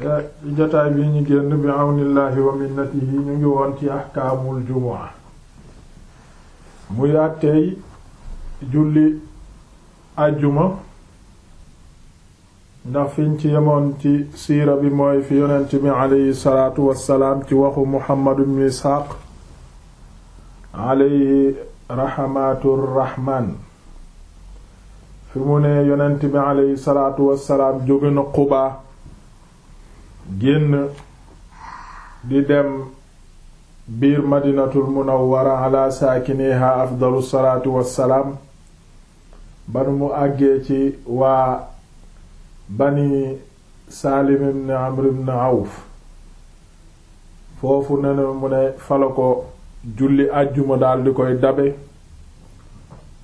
jotaay bi ñu génn bi àwnillaahi wa minnatihi ñu ngi woon ci ahkaamul jumaa muy àtteey julli àjjuma ndax fiñ ci yemoon ci siira bi mooy fi yonent bi aleyhi salaatu wassalaam ci waxu muhammadu bnu isxaaq aleyhi raxamatur raxmaan fi mu ne yonent bi génn di dem biir madinatul munawwara ala saakiniha afdalu salaatu wassalaam ba nu mu àggee ci waa bani saalim ibn amr ibn foofu ne mu ne fala ko julli àjjuma daal di koy dabe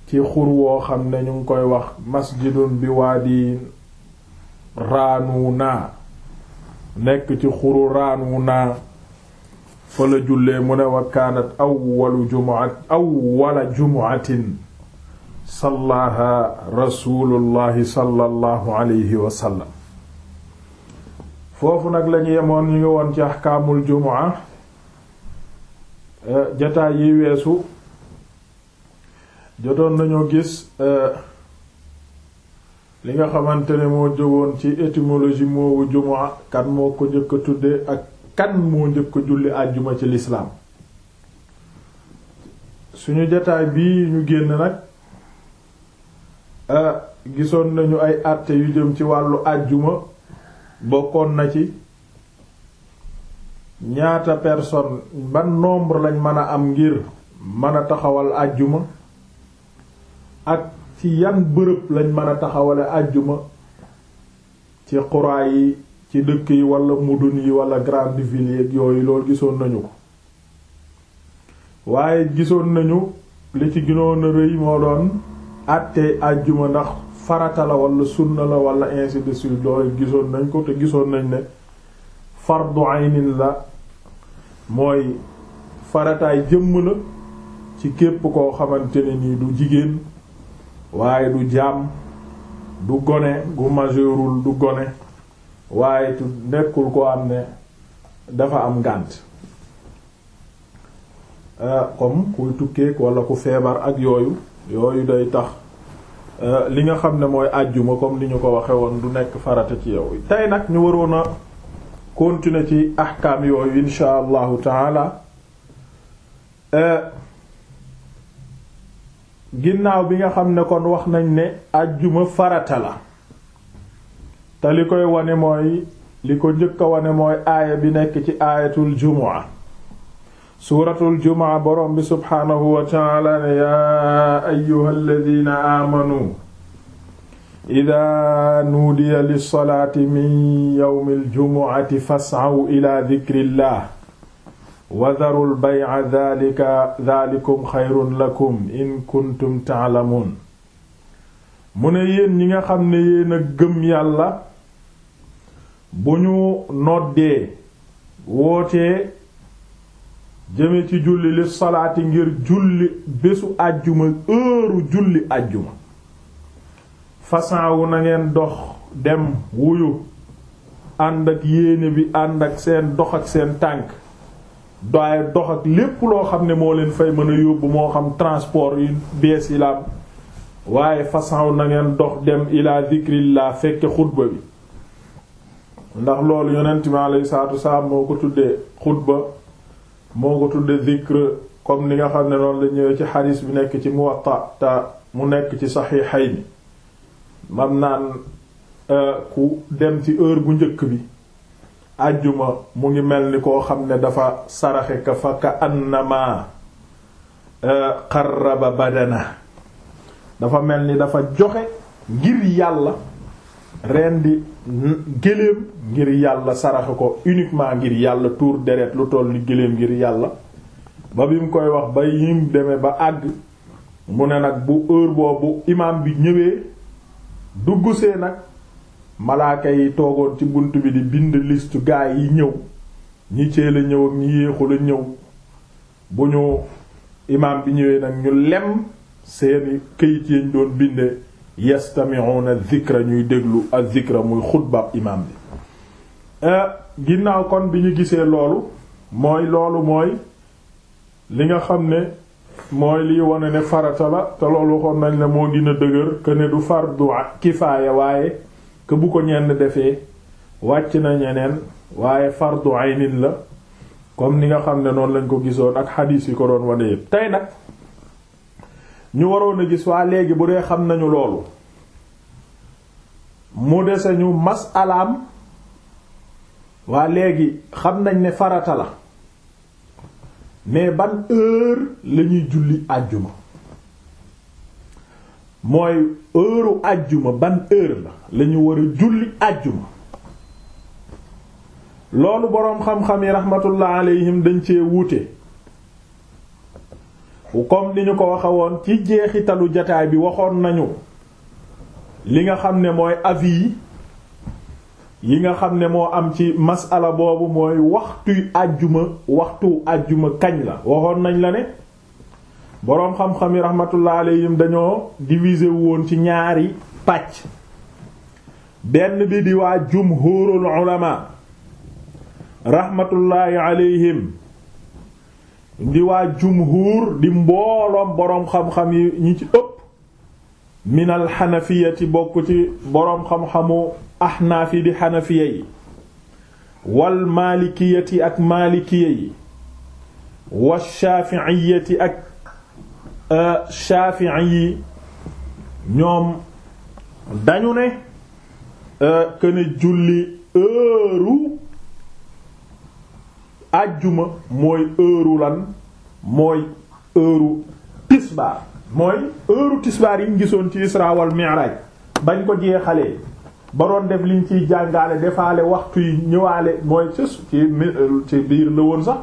ci xur woo xam ne ñu ngi koy wax masjidun bi waadi raanuu naa nekk ci xuru raanu naa fa la jullee mu ne wa kaanat awwalu jumuat awwala jumuatin sallaaha sallallahu alayhi wa foofu nag lañu yemoon ñu ngi woon ci axkaamul jumua eh, jataay yi weesu jotoon nañoo gis eh, li nga xamante ne moo jëwoon ci étymologie moowu jumaa kan moo ko jëkk a tudde ak kan moo njëkk a julli àjjuma ci lislaam suñu jataay bii ñu génn nag ah, gisoon nañu ay àtte yu jëm ci wàllu àjjuma bokkoon na ci ñaata person ban nombre lañ mën a am ngir mën a taxawal àjjuma ak ci yan bërëb lañ mën a taxawale àjjuma ci xuraa yi ci dëkk yi wala mudun yi wala grande ville yi yooyu loolu gisoon nañu ko waaye gisoon nañu li ci gënoon a rëy moo doon àttee àjjuma ndax farata la wala sunna la wala ainsi de suite loolu gisoon nañ ko te gisoon nañ ne fardu aynin la mooy farataay jëmm la ci képp koo xamante nii du jigéen waaye du jaam du gone gu majeurul du gone waaye tu nekkul koo am ne dafa am ngànt euh, comme kuy tukkeek walla ku feebar ak yooyu yooyu day tax euh, li nga xam ne mooy àjjuma comme ni ñu ko waxe woon du nekk farata ci yow tey nag ñu waroon a continuer ci ahkaam yooyu insha allahu taala euh, ginnaaw bi nga xam ne kon wax nañ ne àjjuma farata la te li koy wane mooy li ko njëkk a wane mooy aaya bi nekk ci aayatul jumaa suuratul jumaa borom bi subhaanahu wa taala ne yaa ayyuhal ladina aamanu ida nuudiya lissalaati min yawmil jumuati fas'aw ila dikrillah wasarul lbayca dalika dalikum xayrun lakum in kuntum taalamuun mu ne yéen ñi nga xam ne yéen gëm yàlla bu ñu noddee wootee jëme ci julli li salaati ngir julli bésu àjjuma heuru julli àjjuma façon wu nangeen dox dem wuyu ànd ak yéene bi ànd ak seen dox ak seen tànk doy dox ak lépp loo xam ne moo leen fay mën a yóbbu moo xam transport yu bees yi la waaye façon na ngeen dox dem ila zikrillah fekke xutba bi ndax loolu yonent mi alayhi salaatu wasalaam moo ko tuddee xutba moo ko tuddee zikr comme ni nga xam ne noonu la ñëwee ci xadiis bi nekk ci Muwatta te mu nekk ci Saxiixayni mam naan euh, ku dem ci heure bu njëkk bi àjjuma mu ngi mel ni koo xam ne dafa saraxe ka fa ka annama euh, qarraba badana dafa mel ni dafa joxe ngir yàlla rendi géléem ngir yàlla saraxe ko uniquement ngir yàlla tuur deret lu toll ni géléem ngir yàlla ba bi mu koy wax ba yim demee ba àgg mu ne nag bu heure boobu imaam bi ñëwee dugg see nag malaaka yi toogoon ci bunt bi di bind listu gaa yi ñëw ñi teel a ñëw ak ñi yéexul a ñëw bu ñu imaam bi ñëwee nag ñu lem seeni këyit yañ doon binde yastami'una dhikra ñuy déglu ak dhikra muy xutbaab imaam bi eh, ginnaaw kon bi ñu gisee loolu mooy loolu mooy li nga xam ne mooy liy wane ne farata la te loolu waxoon ne moo gën a dëgër que ne du fardu kifaaya waaye que bu ko ñenn defee wàcc na ñeneen waaye fardu aynin la comme ni nga xam ne noonu lañ ko gisoon ak xadiis yi ko doon wane yépp tey nag ñu waroon a gis waa léegi bu dee xam nañu loolu mu dese ñu masalaam waa léegi xam nañ ne farata la mais ban heure lañuy julli àjjuma mooy heure àjjuma ban heure la la ñu julli àjjuma loolu boroom xam-xam yi rahmatullah alayhim dañ cee wuute comme ni ñu ko waxe woon ci jeexitalu jataay bi waxoon nañu li nga xam ne mooy avis yi nga xam ne moo am ci masala boobu mooy waxtuy àjjuma waxtu àjjuma kañ la waxoon nañ la ne boroom xam-xam yi rahmatullah alayhim dañoo diviser woon ci ñaari pàcc benn bi di waa jumhurul ulama rahmatullahi alayhim di waa jumhur di mbooloom boroom xam-xam yi ñu ci ëpp minal xanafiyati bokk ci boroom xam-xamu ahnaaf yi di xanafiya yi wal maalikiyati ak maalikiya yi wa shaafi'iyati ak Euh, Shafi'i yi ñoom dañu ne euh, que ne julli heure àjjuma mooy heure lan mooy heure tisbaar mooy heure tisbaar yi ñu gisoon ci Isra wal bañ ko jeexalee ba doon def liñ ciy jàngaale defaale waxtu yi ñëwaale mooy ci ci biir la woon sax.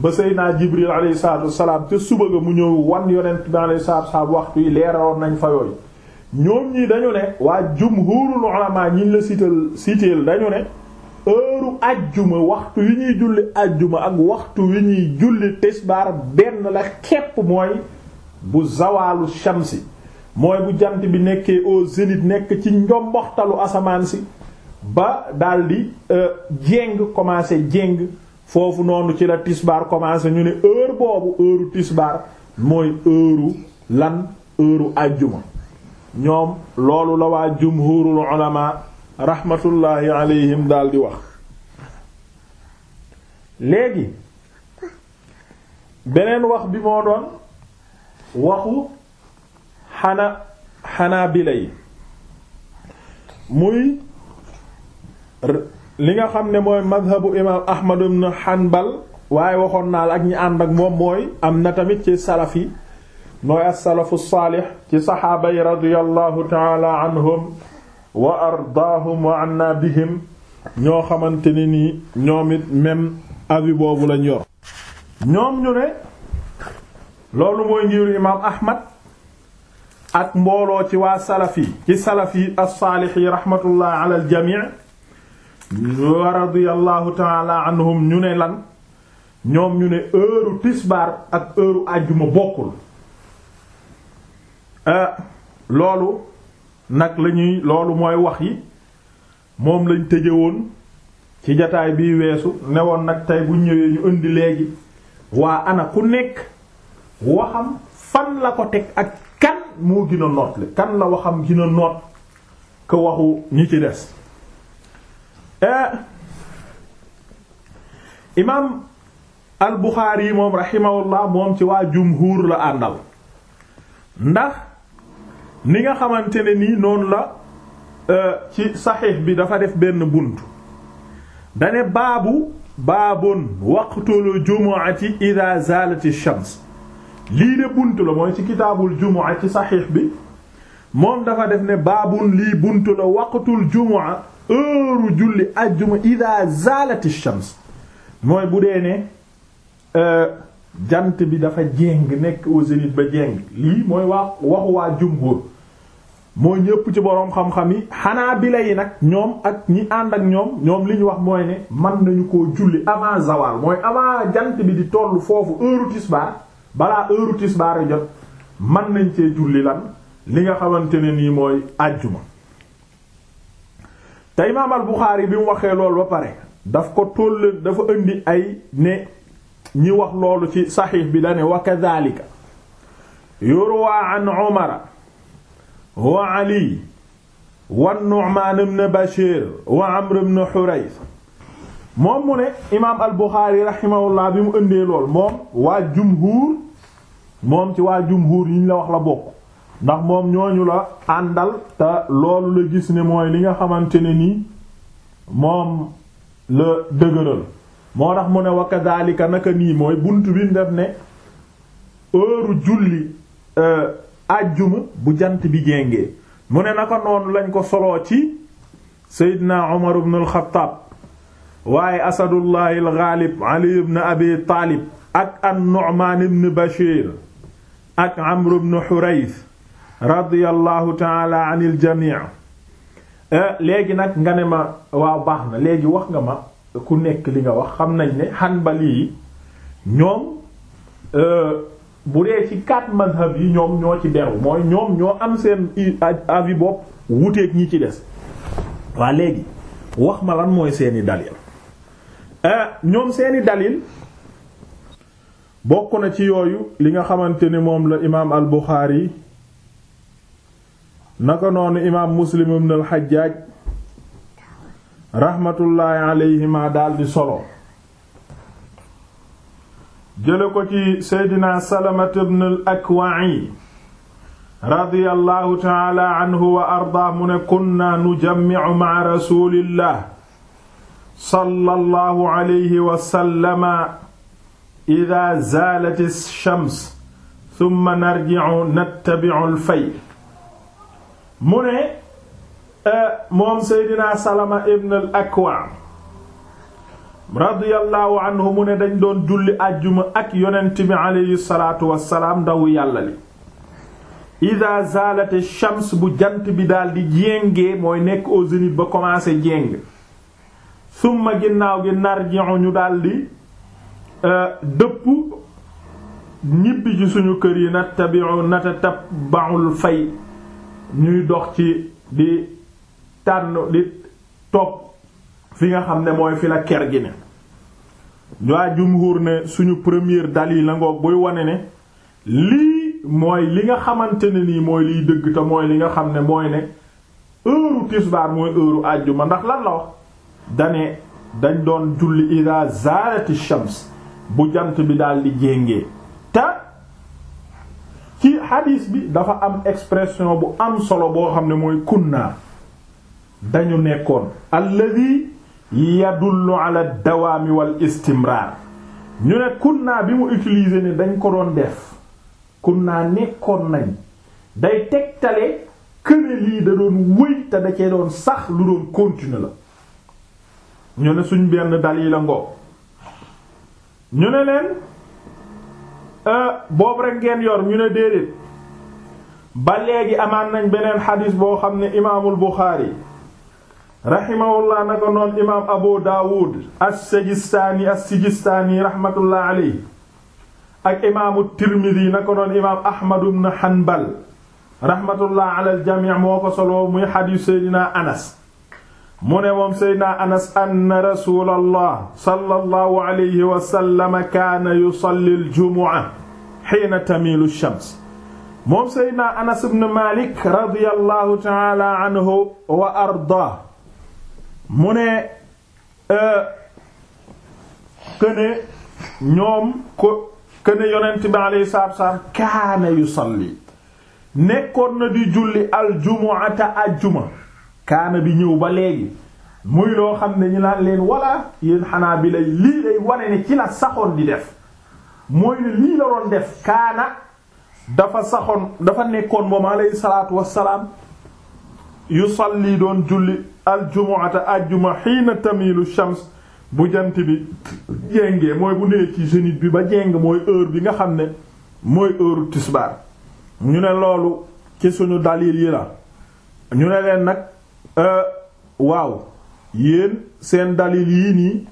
ba Seydina Jibril alayhi salaam ca te suba ga mu ñëw wan yonent bi alayhi salaatu waxtu yi leeraloon nañ fa yooyu ñoom ñii dañu ne waa jumhuurul ulamaa ñi la sital siteel dañu ne heure ajjuma waxtu yi ñuy julli ajjuma ak waxtu yi ñuy julli tisbaar benn la képp mooy bu zawaalu shamsi mooy bu jant bi nekkee au zénith nekk ci njomboxtalu asamaan si ba daldi euh, jéng commencé jéng foofu noonu ci la tisbaar commencé ñu ne heure boobu heure tisbaar mooy heure lan heure àjjuma ñoom loolu la waa jumhurul ulama rahmatullahi alayhim daal wax léegi beneen wax bi moo doon waxu xana xanaa bila yi muy li nga xam ne mooy madhabu imaam Ahmad ibn Hanbal waaye waxoon naa la ak ñi ànd ak moom mooy am na tamit ci salaf yi mooy as-salafu saalix ci saxaabay yi radiyallahu taala ñoo xamante ne nii ñoom it même avis mooy ngiru ak mbooloo ci waa salaf yi as-saalix yi ala al jamii wa radiyallahu anhum ñu ne lan ñoom ñu ne heure tisbaar ak heure àjjuma bokkul ah, loolu nag lañuy loolu mooy wax yi moom lañ tëje woon ci jataay bi weesu ne woon nag tey bu ñëwee ñu indi léegi waa ana ku nekk waxam fan la ko teg ak kan moo gën noot le kan la waxam gën a noot ko waxu ñi ci des Eh, imaam al Buxaari yi moom rahimahullah moom ci waa jumhuur la àndal ndax ni nga xamante ne nii noonu la eh, ci saxiix bi dafa def benn bunt dane baabu baabun waqtul jumu'ati idha zalati shams lii de bunt la mooy ci kitaabul jumu'a ci saxiix bi moom dafa def ne baabun lii buntu la waqtul jumaa heure julli ajjuma ida zalati shams mooy bu dee ne euh, jant bi dafa jéng nekk au ba jéng lii mooy wax waxu waa jumhur mooy ñëpp ci boroom xam-xam yi xanaa bi la yi nag ñoom ak ñi ànd ak ñoom ñoom li wax mooy ne mën nañu ko julli avant zawal mooy avant jant bi di toll foofu heure tisbaar balaa heure tisbaar jot mën nañ cee julli lan li nga xamante ne nii mooy àjjuma te imaam al Buxaari bi mu waxee lool ba pare daf ko toll dafa indi ay ne ñi wax loolu ci saxiix bi la ne wa kadhalika an Umar wa Ali wa Nu'man ibn Bashir wa Amr ibn Hurayth moom mu ne imaam al Buxaari rahimahullah bi mu indee lool moom waa jumhuur moom ci waa jumhuur yi ñu la wax la bokk ndax moom ñooñu la àndal te loolu la gis ne mooy li nga xamante ne nii moom la dëgëral moo tax mu ne wa kadhalika naka nii mooy bunt bi mu def ne heure julli àjjuma euh, bu jant bi jéngee mu ne naka noonu lañ ko soloo ci Seydina Umar ibn al waaye Asadullahi al-Ghalib Ali ibn Abi Talib ak an-Nu'man ibn Bashir ak Amr ibn Hurayth radiyallahu taala anil jamii eh, léegi nag nga ne ma waaw baax na léegi wax nga ma ku nekk li nga wax xam nañ ne hanbali yi ñoom eh, bu dee ci quatre mazhab yi ñoom ñoo ci beru mooy ñoom ñoo am seen avis bopp wuteeg ñi ci des waa léegi wax ma lan mooy seeni dalil eh, ñoom seeni dalil bokk na ci yooyu li nga xamante ni moom la imaam al Bukhari naka noonu imaam muslim ibn al xajjaaj raxmatullaahi alayhima daldi solo jële ko ci seydina salamat ibn al akwa'i radiyallahu taala anhu wa ardaa mu ne kunna nujammi'u ma'a rasulillah sallallahu alayhi wa sallama idha zaalat ash-shams thumma narji'u nattabi'u al-fay mu ne eh, moom Seydina Salama ibn al Akwa radiyallahu anhu mu ne dañ doon julli àjjuma ak yonent bi aleyhi salaatu wassalaam ndawu yàlla li ida zaalate shams bu jant bi daldi jéngee mooy nekk au ba commencé jéng summa ginnaaw gi narji'u ñu daldi eh, dëpp ñibbi ji suñu kër yi nattabi'u natataba'ul fay ñuy dox ci di tànn di topp fi nga xam ne mooy fi la ker gi ne waa jumhur ne suñu premier dalil la ngoog buy wane ne lii mooy li nga xamante ne nii mooy liy dëgg te mooy li nga xam ne mooy ne heure tisbaar mooy heure àjjuma ndax lan la wax dane dañ doon julli ida zaalati shams bu jant bi daal di jéngee te ci hadis bi dafa am expression bu am solo boo xam ne mooy kunna dañu nekkoon alladi yadullu ala dawaami wal istimraar ñu ne kunna bi mu utiliser ne dañ ko doon def kunna nekkoon nañ day tegtale këne lii da doon wëy te da cee doon sax lu doon continuer la ñu ne suñ benn daliila ngo ñu ne leen Euh, boobu rek ngeen yor ñu ne déedéet ba léegi amaan nañ beneen xadis boo xam ne imaamul Buxaari rahimahullah na ko noon imaam Abu Daawud as-Sijistaani as-Sijistaani rahmatullah alayhi ak imaamu Tirmidi na ko noon imaam Ahmad ibn Hanbal rahmatullah ala jamii moo ko soloo muy xadiis Seydina Anas mu ne moom seydna anas anna rasulallah sallallahu alayhi wa sallam kaana yusalli aljumuca xiina tamiilu shams moom seydna anas ibn malik radiyallahu taala anhu wa arda mu ne e, këne ñoom ko këne yonent bi alayhi salaatu wasalaam kaana yusalli nekkoon na di julli aljumucata ajjuma kaana bi ñëw ba léegi muy loo xam ne ñi naan leen wala yéen xanaa bi lay lii day wane ne ci la saxoon di def mooy lii la doon def kaana dafa saxoon dafa nekkoon moom alayhi salaatu wassalaam yusalli doon julli aljumuata ajjuma xiina tamilu shams bu jant bi jéngee mooy bu nee ci zénith bi ba jeng mooy heure bi nga xam ne mooy heure tisbaar ñu ne loolu ci suñu dalil yi la ñu ne leen nag Euh, waaw yéen seen dalil yii nii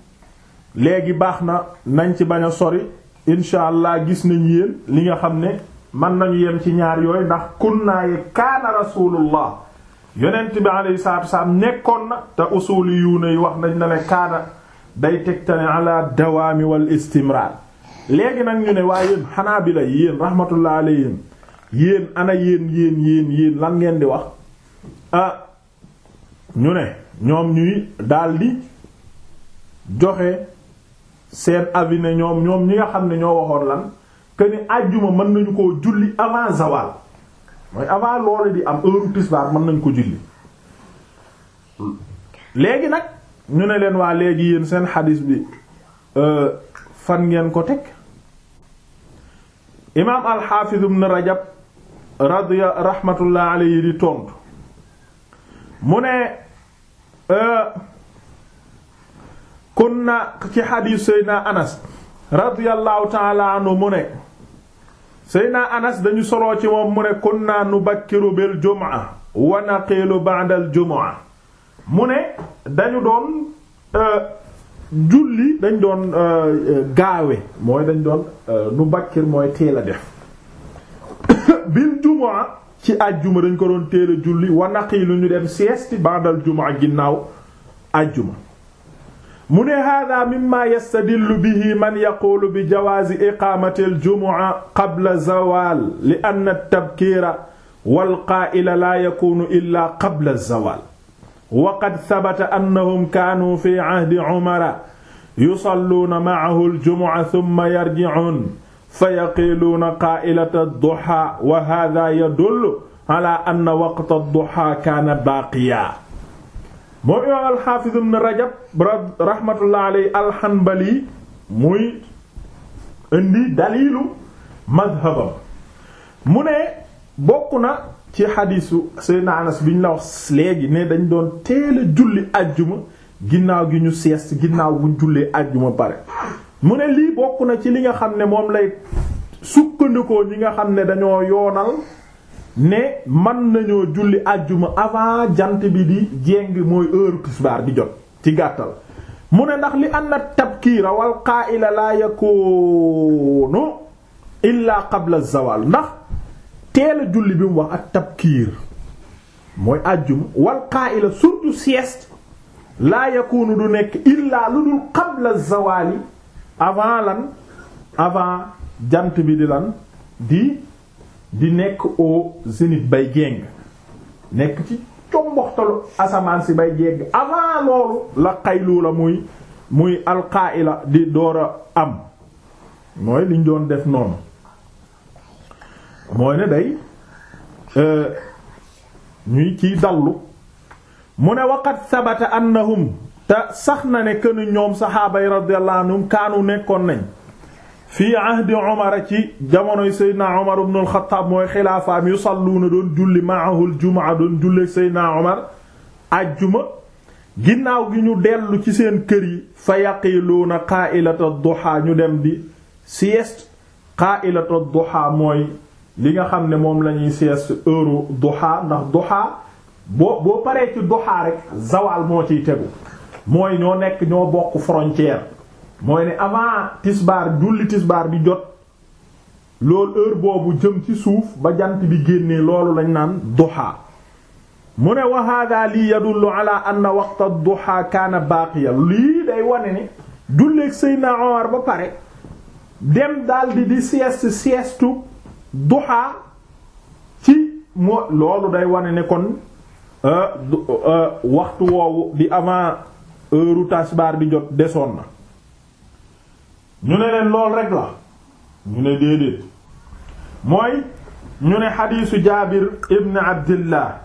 léegi baax na nañ ci bañ a sori incha allah gis nañ yéen li nga xam ne mën nañu yem ci ñaar yooy ndax kunnaa ye kaana rasulullah yonent bi alayhi salaatu wasalaam nekkoon na te usuuli yuuna yi wax nañ na ne kaana day tegtale ala dawaami wal istimraar léegi nag ñu ne waa yéen xanaabila yi yéen rahmatullah alayhim yéen ana yéen yéen yéen lan ngeen di wax ah, ñu ne ñoom ñuy daldi joxe seen avis ñoom ñoom ñi nga xam ne ñoo waxoon lan que ni àjjuma mën nañu ko julli avant zawal mooy avant loolu di am heure tisbaar mën nañu ko julli léegi nag ñu ne leen waa léegi yéen seen xadis bi euh, fan ngeen ko teg imaam al-Hafiz ibn Rajab radiya rahmatullah alayhi di tontu mu ne euh, kunna ci xadiis seydna anas radiyallahu taala anhu mu ne seydna anas dañu soloo ci moom mu ne kunna nubakkiru bil jumaa wa naqilu jumaa mu ne dañu doon euh, julli dañ doon euh, gaawe mooy dañ doon nubakkir mooy teel def bil jumaa ci àjjuma dañ ko doon teel a julli wa naqiilu ñu dem sieste ba'dal jumaa ginnaaw àjjuma mu ne hada mimma yastadillu bihi man yaquulu bi jawaazi iqaamati aljumuca qabla zawaal li anna tabkiira walqaa'ila laa yakuunu illaa qabla zawaal wa qad sabata annahum kaanuu fi cahdi cumara yusalluuna macahu aljumuca summa yarjicuun fa yaqiiluuna qaa'ilata adduhaa wa hada yadullu ala am na ad-duha kaana baaqiya moom imaam al-Hafiz ibn Rajab rahmatullah alayhi al muy indi dalilu madhabam mu ne bokk na ci xadiisu Seydina Anas bi ñu la wax léegi ne dañ doon teel a julli àjjuma ginnaaw gi ñu sieste ginnaaw buñ jullee àjjuma pare mu ne lii bokk na ci li nga xam ne moom lay sukkandikoo ñi nga xam ne dañoo yoonal ne mën nañoo julli àjjuma avant jant bi di jéng mooy heure tisbaar di jot ci gàttal mu ne ndax li anna tabkiira wal qaa'ila laa yakuunu illaa qabla zawaal ndax teel julli bi mu wax ak tabkiir mooy àjjuma wal qaa'ila surtout sieste laa yakuunu du nekk illaa lu dul qabla zawaali avant lan avant jant bi di lan di di nekk au zénith bay jéng nekk ci comboxtalu asamaan si bay jéng avant loolu la xayluu muy muy alxaila di doora am mooy liñ doon def noonu mooy ne day euh, ñuy ciy dallu mu ne waqat sabata annahum te sax na ne kënu ñoom saxaaba yi radiyallahu anhum kaanu nekkoon nañ fii ahdi omara ci jamonoy seydna omar ibn al mooy xilaafaam yusalluuna doon julli maahul jumaa doon julleeg seydna omar ajjuma ginnaaw gi ñu dellu ci seen kër yi fa yaqiluuna qaailata duha ñu dem di sieste qaailata duha mooy li nga xam ne moom lañuy ñuy sieste heure ndax duha boo boo paree ci duha rek zawal moo ciy tegu mooy ñoo nekk ñoo bokk frontière mooy ne avant tisbaar julli tisbaar bi jot loolu heure boobu jëm ci suuf ba jant bi génnee loolu lañ naan duha mu ne wa hada lii yadullu ala anna waqta duha kaana baaqiya lii day wane ne julleeg Seydina Omar ba pare dem daldi di sieste siestu duha ci moo loolu day wane ne kon euh, euh, waxtu woowu di avant heure u bi jot desoon na ñu ne leen lool rek la ñu ne déedéet mooy ñu ne xadiisu jaabir ibn abdillah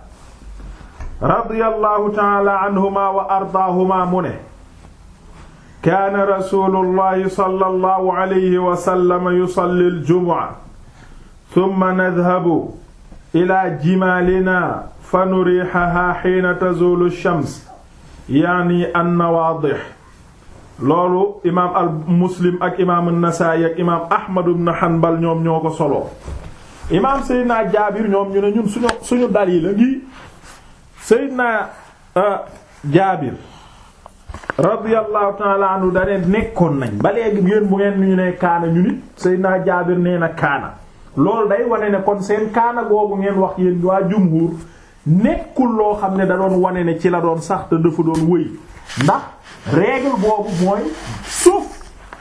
radiyallahu taala anhuma wa ardaahuma mu ne kaana rasulullahi sallallahu alayhi wa sallam yusalli al-jumu'a thumma nadhhabu ila jimaalina fa nuriihahaa hiina tazuulu ash-shams ya'ni an-nawaadih loolu imaam al muslim ak imaam an-Nasaa'i ak imaam Ahmad ibn Hanbal ñoom ñoo ko soloo imaam Seydina Jaabir ñoom ñu ne ñun suñu suñu dalil la ngi Seydina euh, Jaabir radiyallahu ta'ala anhu dane nekkoon nañ ba léegi ngeen bu ngeen ñu ne kaana ñu nit Seydina Jaabir nee na kaana loolu day wane ne kon seen kaana googu ngeen wax yéen waa jumhur nekkul loo xam ne da doon wane ne ci la doon sax te dafa doon wëy ndax règle boobu mooy suuf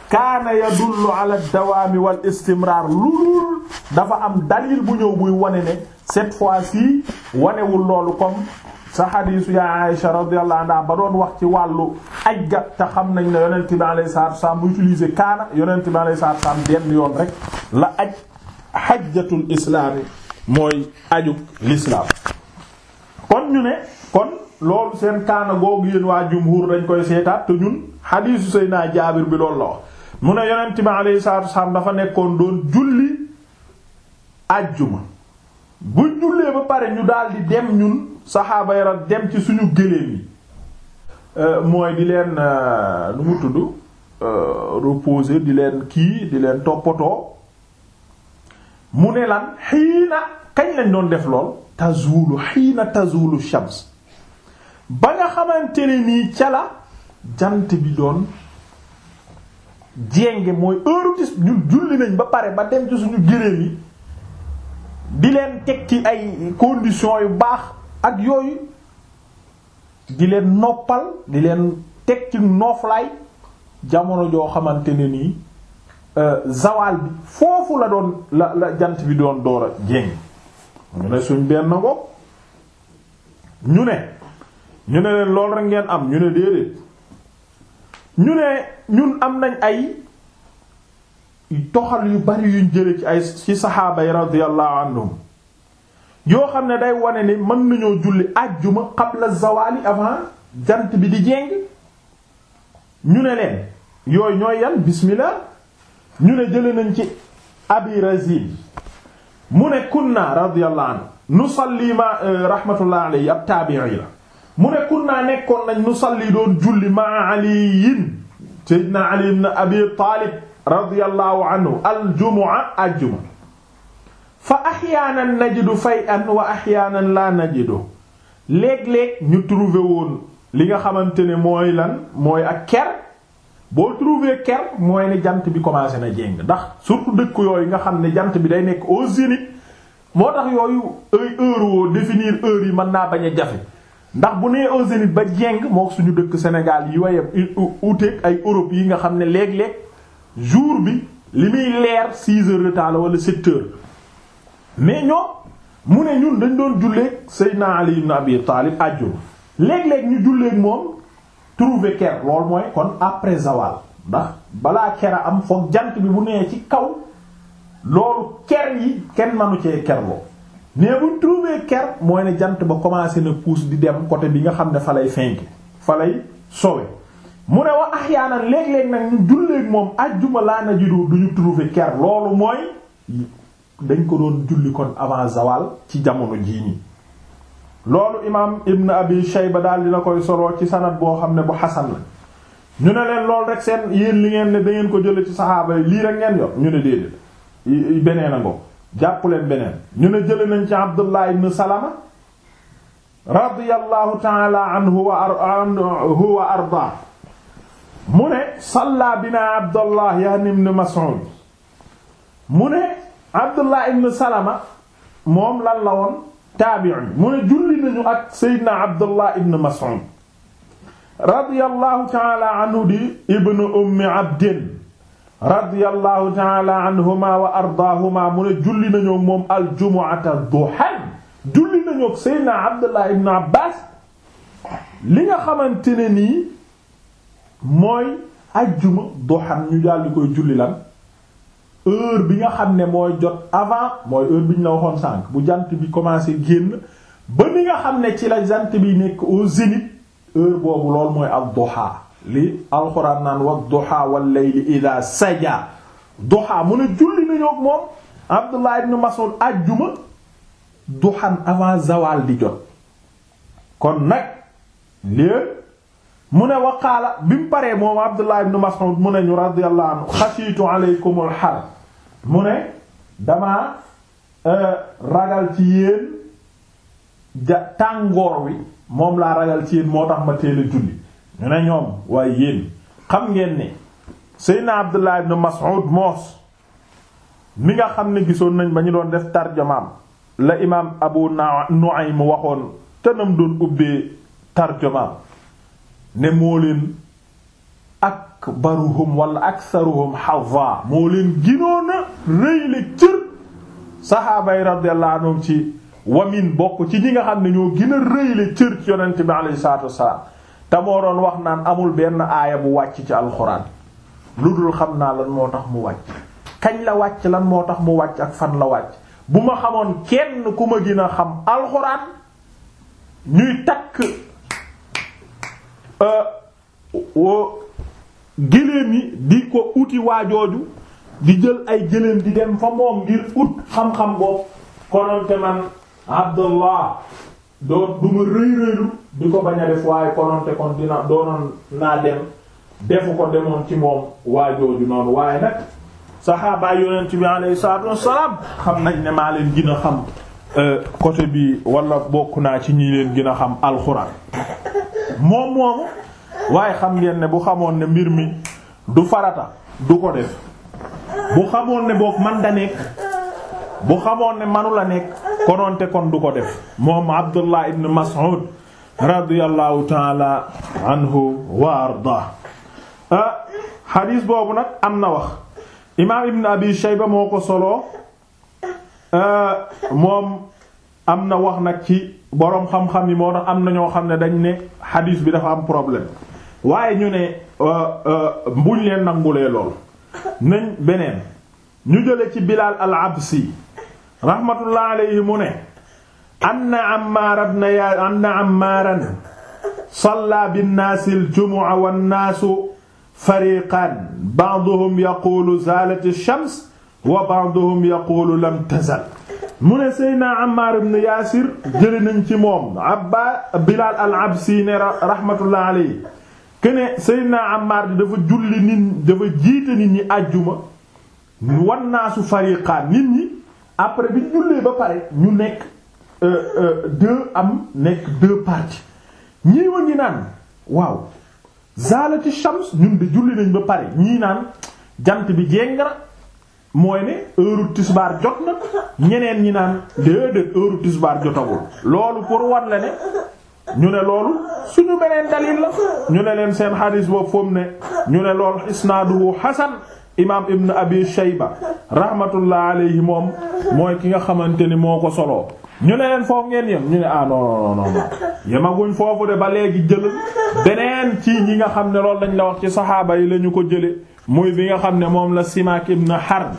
kaana yadullu ala dawaami wal istimrar lulul dafa am dalil bu ñëw buy wane ne cette fois-ci wanewul loolu comme sa xadiisu yaa Aïsha radiyallahu anha ba doon wax ci wàllu ajga te xam nañ na yonent bi alayhi salaatu wasallam mu utilisé kaana yonent bi alayhi salaatu wasallam yoon rek la aj xajjatul islaami mooy aju l'islam kon ñu ne kon loolu seen kaana googu yéen waa jumhur dañ koy seetaat te ñun xadiisu naa Jaabir bi loolu la wax mu ne yonent bi alayhi salaatu wasalaam dafa nekkoon doon julli àjjuma bu jullee ba pare ñu daal di dem ñun saxaaba yara dem ci suñu gëléem yi euh, mooy di leen lu euh, mu tudd euh, reposer di leen kii di leen toppatoo mu ne lan xiina kañ lañ doon def lool tazulu xiina tazulu shams ba nga xamante nii ca la jant bi doon jénge mooy heure tis ñun julli nañ ba pare ba dem ci suñu gëréem yi di leen teg ci ay condition yu baax ak yooyu di leen noppal di leen teg ci nooflaay jamono joo xamante ne nii euh, zawaal bi foofu la doon la la jant bi doon door a jéng ñu ne suñ benn bopp ñu ne ñu ne leen lool rek ngeen am ñu ne déedéet ñu ne ñun am nañ ay toxal yu bari yuñ jële ci ay ci saxaaba yi radiyallahu anhum yoo xam ne day wane ni mën nañoo julli àjjuma qabla zawali avant jant bi di jéng ñu ne leen yooyu ñooy yan bismillah ñu ne jële nañ ci abi mu ne kunna radiyallahu anhu nusalli ma eh, rahmatullah alayhi ab taabi'i la mu ne naa nekkoon nañ nu salli doon julli ma aliyin sayyidina ali ibn abi taalib radiyallahu anhu aljumu'a ajjuma fa ahyaanan najidu fay'an wa ahyaanan la najidu léeg-léeg ñu trouvé woon li nga xamante ne mooy lan mooy ak ker boo trouvé ker mooy ne jant bi commencé na jéng ndax surtout dëkk yooyu nga xam ne jant bi day nekk au zénith moo tax yooyu ay woo définir heure yi mën naa bañ a jafe ndax bu nee un zénith ba jeng moo suñu dëkk Sénégal yi waaye uteeg ay Europe yi nga xam ne léeg-léeg jour bi li muy leer six de temps la wala sept mais ñoom mu ne ñun dañ doon julleeg Seydina Ali ibn Abi Talib ajjuma léeg-léeg ñu julleeg moom trouver ker loolu mooy kon après zawal ndax balaa ker a am foog jant bi bu nee ci kaw loolu ker yi kenn manu cee kerloo mais buñ trouvé ker mooy ne jant ba commencé na pousse di dem côté bi nga xam ne fa lay fenk fa lay sowe mu ne wa ahyaanan léeg-léeg nag ñu julleeg moom ajjuma laa na jidu duñu trouvé ker loolu mooy dañ ko doon julli kon avant zawal ci jamono jii nii loolu imaam ibn abi shayba daal la koy soloo ci sanad boo xam ne bu xasan la ñu ne leen loolu rek seen yéen li ngeen ne da ngeen ko jële ci saxaaba yi lii rek ngeen yor ñu ne déedéet beneen a ngo jàpp leen beneen ñu ne jële nañ ci Abdullah ibn Salama radiyallahu ta'ala anhu wa ardaa mu ne salla bina Abdullah yani ibn Mas'ud mu ne Abdullah ibn Salama moom lan la woon taabi'i mu ne julli nañu ak Seydina Abdullah ibn Mas'ud radiyallahu ta'ala anhu di ibn Ummi Abdin radiyallahu taala anhuma wa ardaahuma mu ne julli nañoo moom aljumuata duhan julli nañoo seydna abdullah ibn abbas li nga xamante ne mooy ajjuma duhan ñu daal di koy julli lan heure bi nga xam ne mooy jot avant mooy heure bi ñu la waxoon sànq bu jant bi commencé génn ba ni nga xam ne ci la jant bi nekk au heure boobu lool mooy ad-duha li alxuraan naan wa duha wal layli idha saja duha mu ne julli nañu ak moom Abdullah ibn Mas'ud àjjuma duhan avant zawal di jot kon nag léegi mu ne waqaala bi mu paree moom Abdullah ibn Mas'ud mu ne ñu radiyallahu anhu xasiitu aleykum al mu ne damaa euh, ragal ci yéen ja wi moom laa ragal ci yéen moo tax ma teel julli ne na ñoom waaye yéen xam ngeen ni Seydina Abdullah ibn Mas'ud moos mi nga xam ne gisoon nañ ba ñu doon def tarjamaam la imaam Abu Nu'aym mu waxoon te nam doon ubbee tarjamaam ne moo leen akbaruhum wala aksaruhum hawa moo leen ginoona rëy le cër sahaaba yi radiyallahu ci wamin bokk ci ñi nga xam ne ñoo gën a rëy le cër ci yonente bi alayhi salaatu wassalaam te moo doon wax naan amul benn aaya bu wàcc ci alxuraan lu dul xam naa lan moo tax mu wàcc kañ la wàcc lan moo tax mu wàcc ak fan la wàcc bu ma xamoon kenn ku ma gën a xam alxuraan ñuy takk euh, géléem yi di ko uti waajooju di jël ay géléem di dem fa moom ngir ut xam-xam boobu konoonte man abdullah doo du ma rëy rëylu di ko bañ a def waaye kononte kon dina doonoon naa dem defu ko demoon ci moom waajooju noonu waaye nag saxaabaa yonent bi alayhi salaatu wassalaam xam nañ ne maa leen gën a xam euh, côté bi wala bokk naa ci ñi leen gën a xam alxuraan moom moomu waaye xam ngeen ne bu xamoon ne mbir mi du farata du ko def bu xamoon ne boog man da nekk bu xamoon ne manu la nekk kononte kon du ko def moom Abdullah ibn Mas'ud radiyallahu taala anhu wa arda ah, xadiis boobu nag am na wax imaam ibn abi shayba moo ko solo ah, moom am na wax nag ci boroom xam yi moo tax am na ñoo xam ne dañ ne xadiis bi dafa am problème waaye ñu ne ah, buñ leen nangulee lool nañ beneen ñu jële ci Bilaal al-Absi rahmatullah alayhi mu ne anna ammaara ibn yaa anna ammaaran salla binnaasi aljumuca wannaasu fariqaan ba'duhum yaquulu zaalat ash-shams wa ba'duhum yaquulu lam tazal mu ne Seydina Ammaar ibn Yaasir jëli nañ ci moom Abba Bilaal al-Absi ne rahmatullah alayhi kene Seydina Ammaar di dafa julli nit dafa jiite nit ñi àjjuma wannaasu fariqaan nit ñi après bi ñu jullee ba pare ñu nekk euh, euh, deux am nekk deux parties ñii wa naan waaw zalati shams ñun di julli nañ ba pare ñii naan jant bi jéng na mooy ne heure tisbaar jot na ñeneen ñi naan déedéet heure tisbaar jotagul loolu pour wan la ne ñu ne loolu suñu beneen dalil la ñu ne leen seen xadis boobu foom ne ñu ne lool loolu isnaaduhu hasan imaam ibn abi shayba rahmatullah alayhi moom mooy ki nga xamante ni moo ko soloo ñu ne leen foofu ngeen yem ñu ne ah non non non yemaguñ foofu de ba léegi jël beneen ci ñi nga xam ne loolu lañ la wax ci saxaaba yi lañu ko jële muy bi nga xam ne moom la simaak ibn harb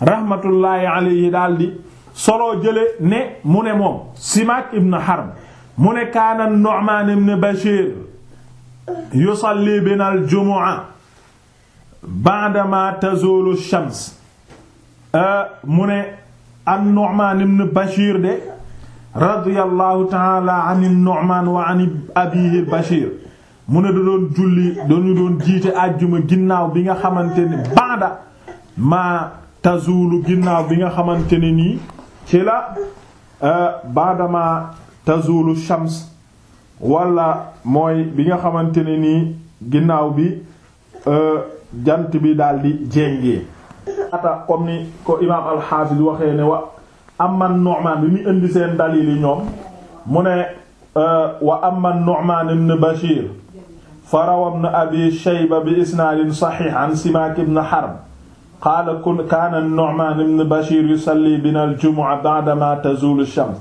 rahmatullahi alayhi daal di soloo jële ne mu ne moom simaak ibn harb mu ne kaana nu'man ibn bashir yusalli bina al ba'dama tazulu shams euh, mu ne an Nu'man ibn Bashir de radiyallahu ta'ala an Nu'man wa an abihi Bashir mu ne da doon julli dañu doon jiite àjjuma ginnaaw bi nga xamante ne ba'da ma tazulu ginnaaw bi nga xamante ne nii ci la euh, baadama tazulu shams wala mooy bi nga xamante ne nii ginnaaw bi euh, jant bi daal di jéngee ata comme ni ko imaam alxaafis waxee ne wa amman Nu'man bi muy indi seen dalil yi ñoom mu ne euh, wa amman Nu'man ibn Bashir fa rawa ibn Abi Shayba bi isnaadin saxiix an Simaak ibn Harb qaala kaana Nu'man ibn Bashir yusalli bina al-jumu'a ba'dama tazuulu shams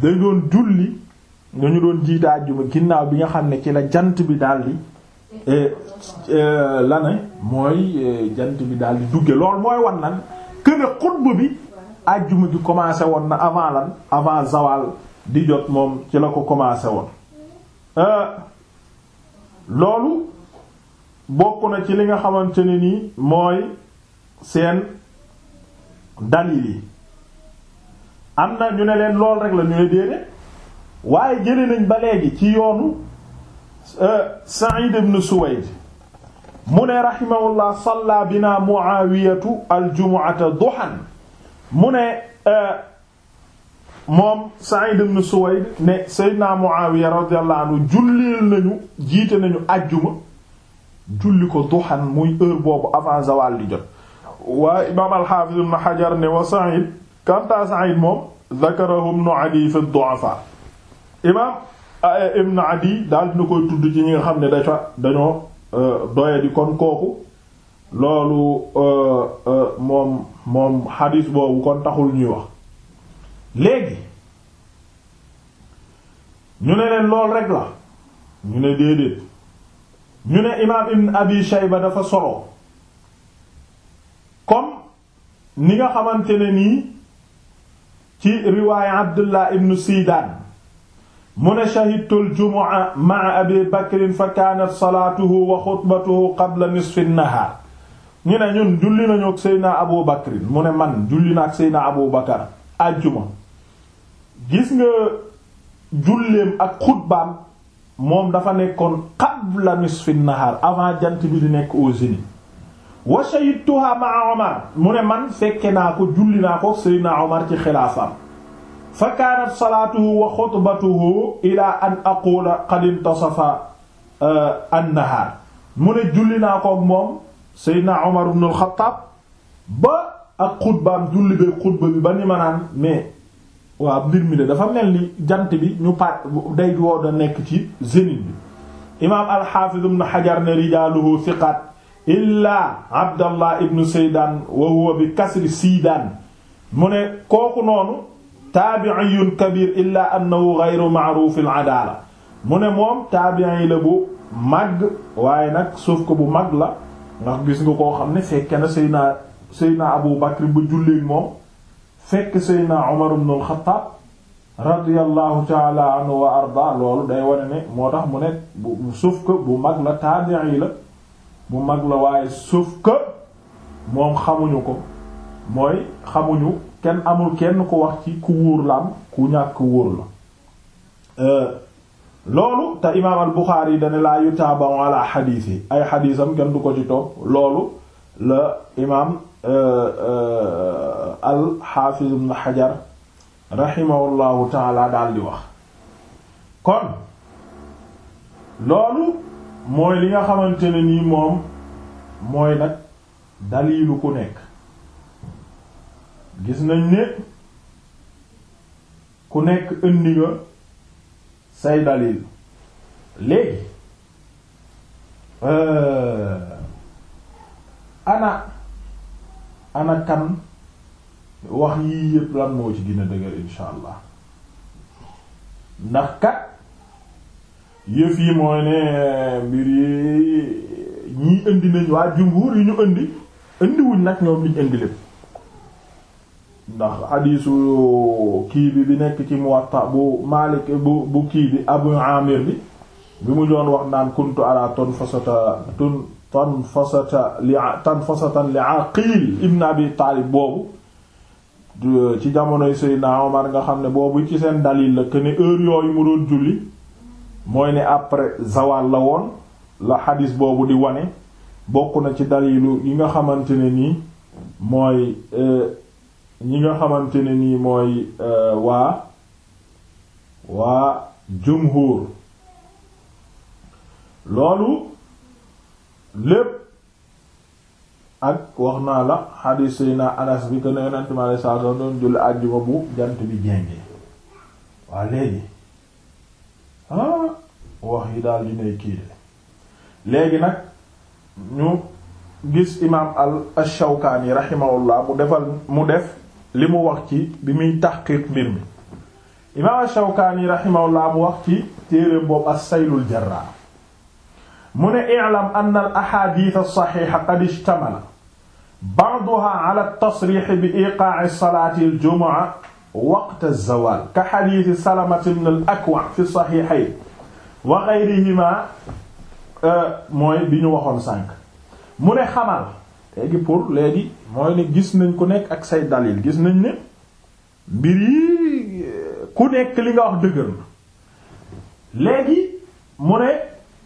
dañ doon julli ñu doon jiite ginnaaw bi nga xam ne ci la jant bi daldi Euh, la ne mooy euh, jant bi daal di dugge lool mooy wan nag këne xutba bi àjjuma ji commencé woon na avant lan avant zawal di jot moom ci la ko commencé woon euh, loolu bokk na ci li nga xamante ne nii mooy seen dalil yi am na ñu ne leen lool rek la ñu déedéet waaye jëlee nañ ba léegi ci yoonu Euh, Sa'id ibn Suwayd mu ne rahimahullah salla bina Muawiyatu al-jumu'ata duhan mu ne euh, moom Sa'id ibn Suwayd ne Seydina Muawiya radiyallahu anhu julleel nañu jiite nañu àjjuma julli ko duhan muy heure boobu avant zawal di jot waa imaam al-Hafiz ibn Hajar ne wa Sa'id kanta Sa'id moom dhakarahu ibn Adi fi ad-du'afa imaam E, ibn adi daal dina koy tudd ci ñi nga xam ne dafa dañoo e, doye di kon kooku loolu e, moom moom boobu kon taxul ñuy wax léegi ñu ne leen lool rek la ñu ne déedéet ñu ne imaam ibn abi shayba dafa solo kon ni nga xamante ne nii ci riwaaye abdullah ibn sidaan mu ne shahidtul jumu'a ma'a abi bakrin fa kaanat salaatuhu wa xutbatuhu qabla nisfi nahaar ñu ne ñun julli nañu ak seydna abu mu ne man julli na ak seydna abu bakar gis nga julleem ak xutbaam moom dafa nekkoon qabla nisfi nahaar avant jant bi di nekk au zénith wa shahidtuha ma'a omar mu ne man fekke naa ko julli naa ko seydna omar ci xilaafaam fa kaanat salaatuhu wa xutbatuhu ila an aqula qad intasafa uh, annahaar mu ne julli naa ko moom Seydina Omar ibn al ba ak xutbaam julli bee xutba bi ba ni ma naan mais waaw mbir mi de dafa mel ni jant bi ñu paaj day woo da nekk ci zénith bi imaam al-Hafiz ibn ne rijaaluhu thiqat illaa Abdallah ibn Saydaan wa huwa bi kasri Siidaan mu ne kooku noonu taabi'iyun kabir illa annahu ghayru ma'ruf al-adala mu ne moom taabi'i la bu màgg waaye nag suuf ko bu mag la ndax gis nga koo xam ne fekke na Seydina Seydina Abu Bakr ba julleeg moom fekk Seydina Umar ibn al-Khattab radiyallahu ta'ala anhu wa arda loolu day wane ne moo tax mu ne bu suuf ko bu mag la taabi'i la bu mag la waaye suuf ko moom xamuñu ko mooy xamuñu kenn amul kenn ku wax ci ku wóor la am ku ñàkk wuur la euh, loolu te imaam al Buxaari dane laa yutaabaru ala xadiis yi ay xadiisam kenn du ko ci topp loolu la imaam euh, euh, al xaafiz ibn Hajar raximahullahu taala daal di wax kon loolu mooy li nga xamante ne nii moom mooy nag daliilu ku nekk gis nañ ni ku nekk indi nga say dalil léegi euh, ana ana kan wax yii yépp lan moo ci gën dëgër insha allah ndax kat yëf yi mooy ne mbir yi ñii indi nañ waa jumhur yi ñu indi indiwuñ nag ñoom liñ indi lépp ndax xadiisu kii bi bi nekk ci Muwatta bu Maalik bu bu kii bi Abu Amir bi bi mu doon wax naan kuntu ala ton tun tanfasata li tanfasatan li Aqil ibn Abi Taalib boobu ci jamonoy Seydina Omar nga xam ne boobu ci seen dalil la que ne heure yooyu mu doon julli mooy ne après zawal la woon la xadiis boobu di wane bokk na ci dalilu yi nga xamante ne nii mooy euh, ñi nga xamante ne nii mooy euh, waa waa jumhur loolu lépp ak wax naa la xadiis na anas bi que ne yonent mi alei sat slam doon julli àjjuma bu jant bi jéngee waa léegi ah, wax yi daal di kii léegi nag ñu gis imaam al Shawkaani rahimahullah mu defal mu def li mu wax ci bi muy taxqiq mbir mi imaam Shawkaani rahimahullah mu wax ci téereem boobu as-Saylul Jarraah mu ne i'lam anna al-ahaadiith as-saxiixa qad ishtamala ba'duhaa ala at-tasriix bi iiqaa'i salaati al-jumu'a waqta az-zawaal ka xadiisi Salamata ibn al-Akwa' fi as-saxiixayn wa ghayrihimaa euh, mooy bi ñu waxoon sànq mu ne xamal léegi pour léegi mooy ne gis nañ ku nekk ak say dalil gis nañ ne mbir yi eh, ku nekk li nga wax dëgër na léegi mu ne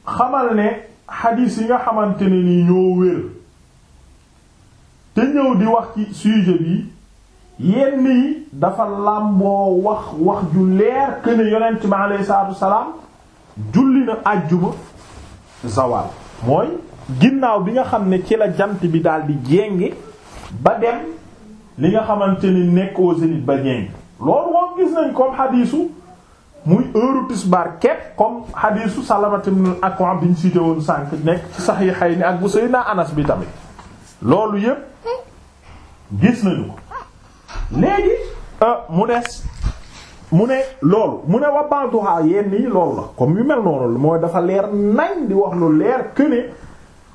xamal ne xadiis yi nga xamante ne ni ñoo wér te ñëw di wax ci sujet bi yenn yi dafa làmboo wax wax ju leer que ne yonent bi aleyhi salaatu salaam julli na àjjuma zawal mooy ginnaaw bi nga xam ne ci la jant bi daal di jéngi ba dem li nga xamante ni nekk au ba jéngi loolu moom gis nañ comme xadiisu muy heure tisbaar kepp comme xadiisu Salamata ibn al-Akwa bi ñu cité woon sànq nekk ci Sahihayni ak bu Seydina Anas bi tamit loolu yépp gis nañu ko léegi euh, mu des mu ne loolu mu ne wa bantuhaa yenn yi loolu la comme yu mel noonu mooy dafa leer nañ di wax lu leer que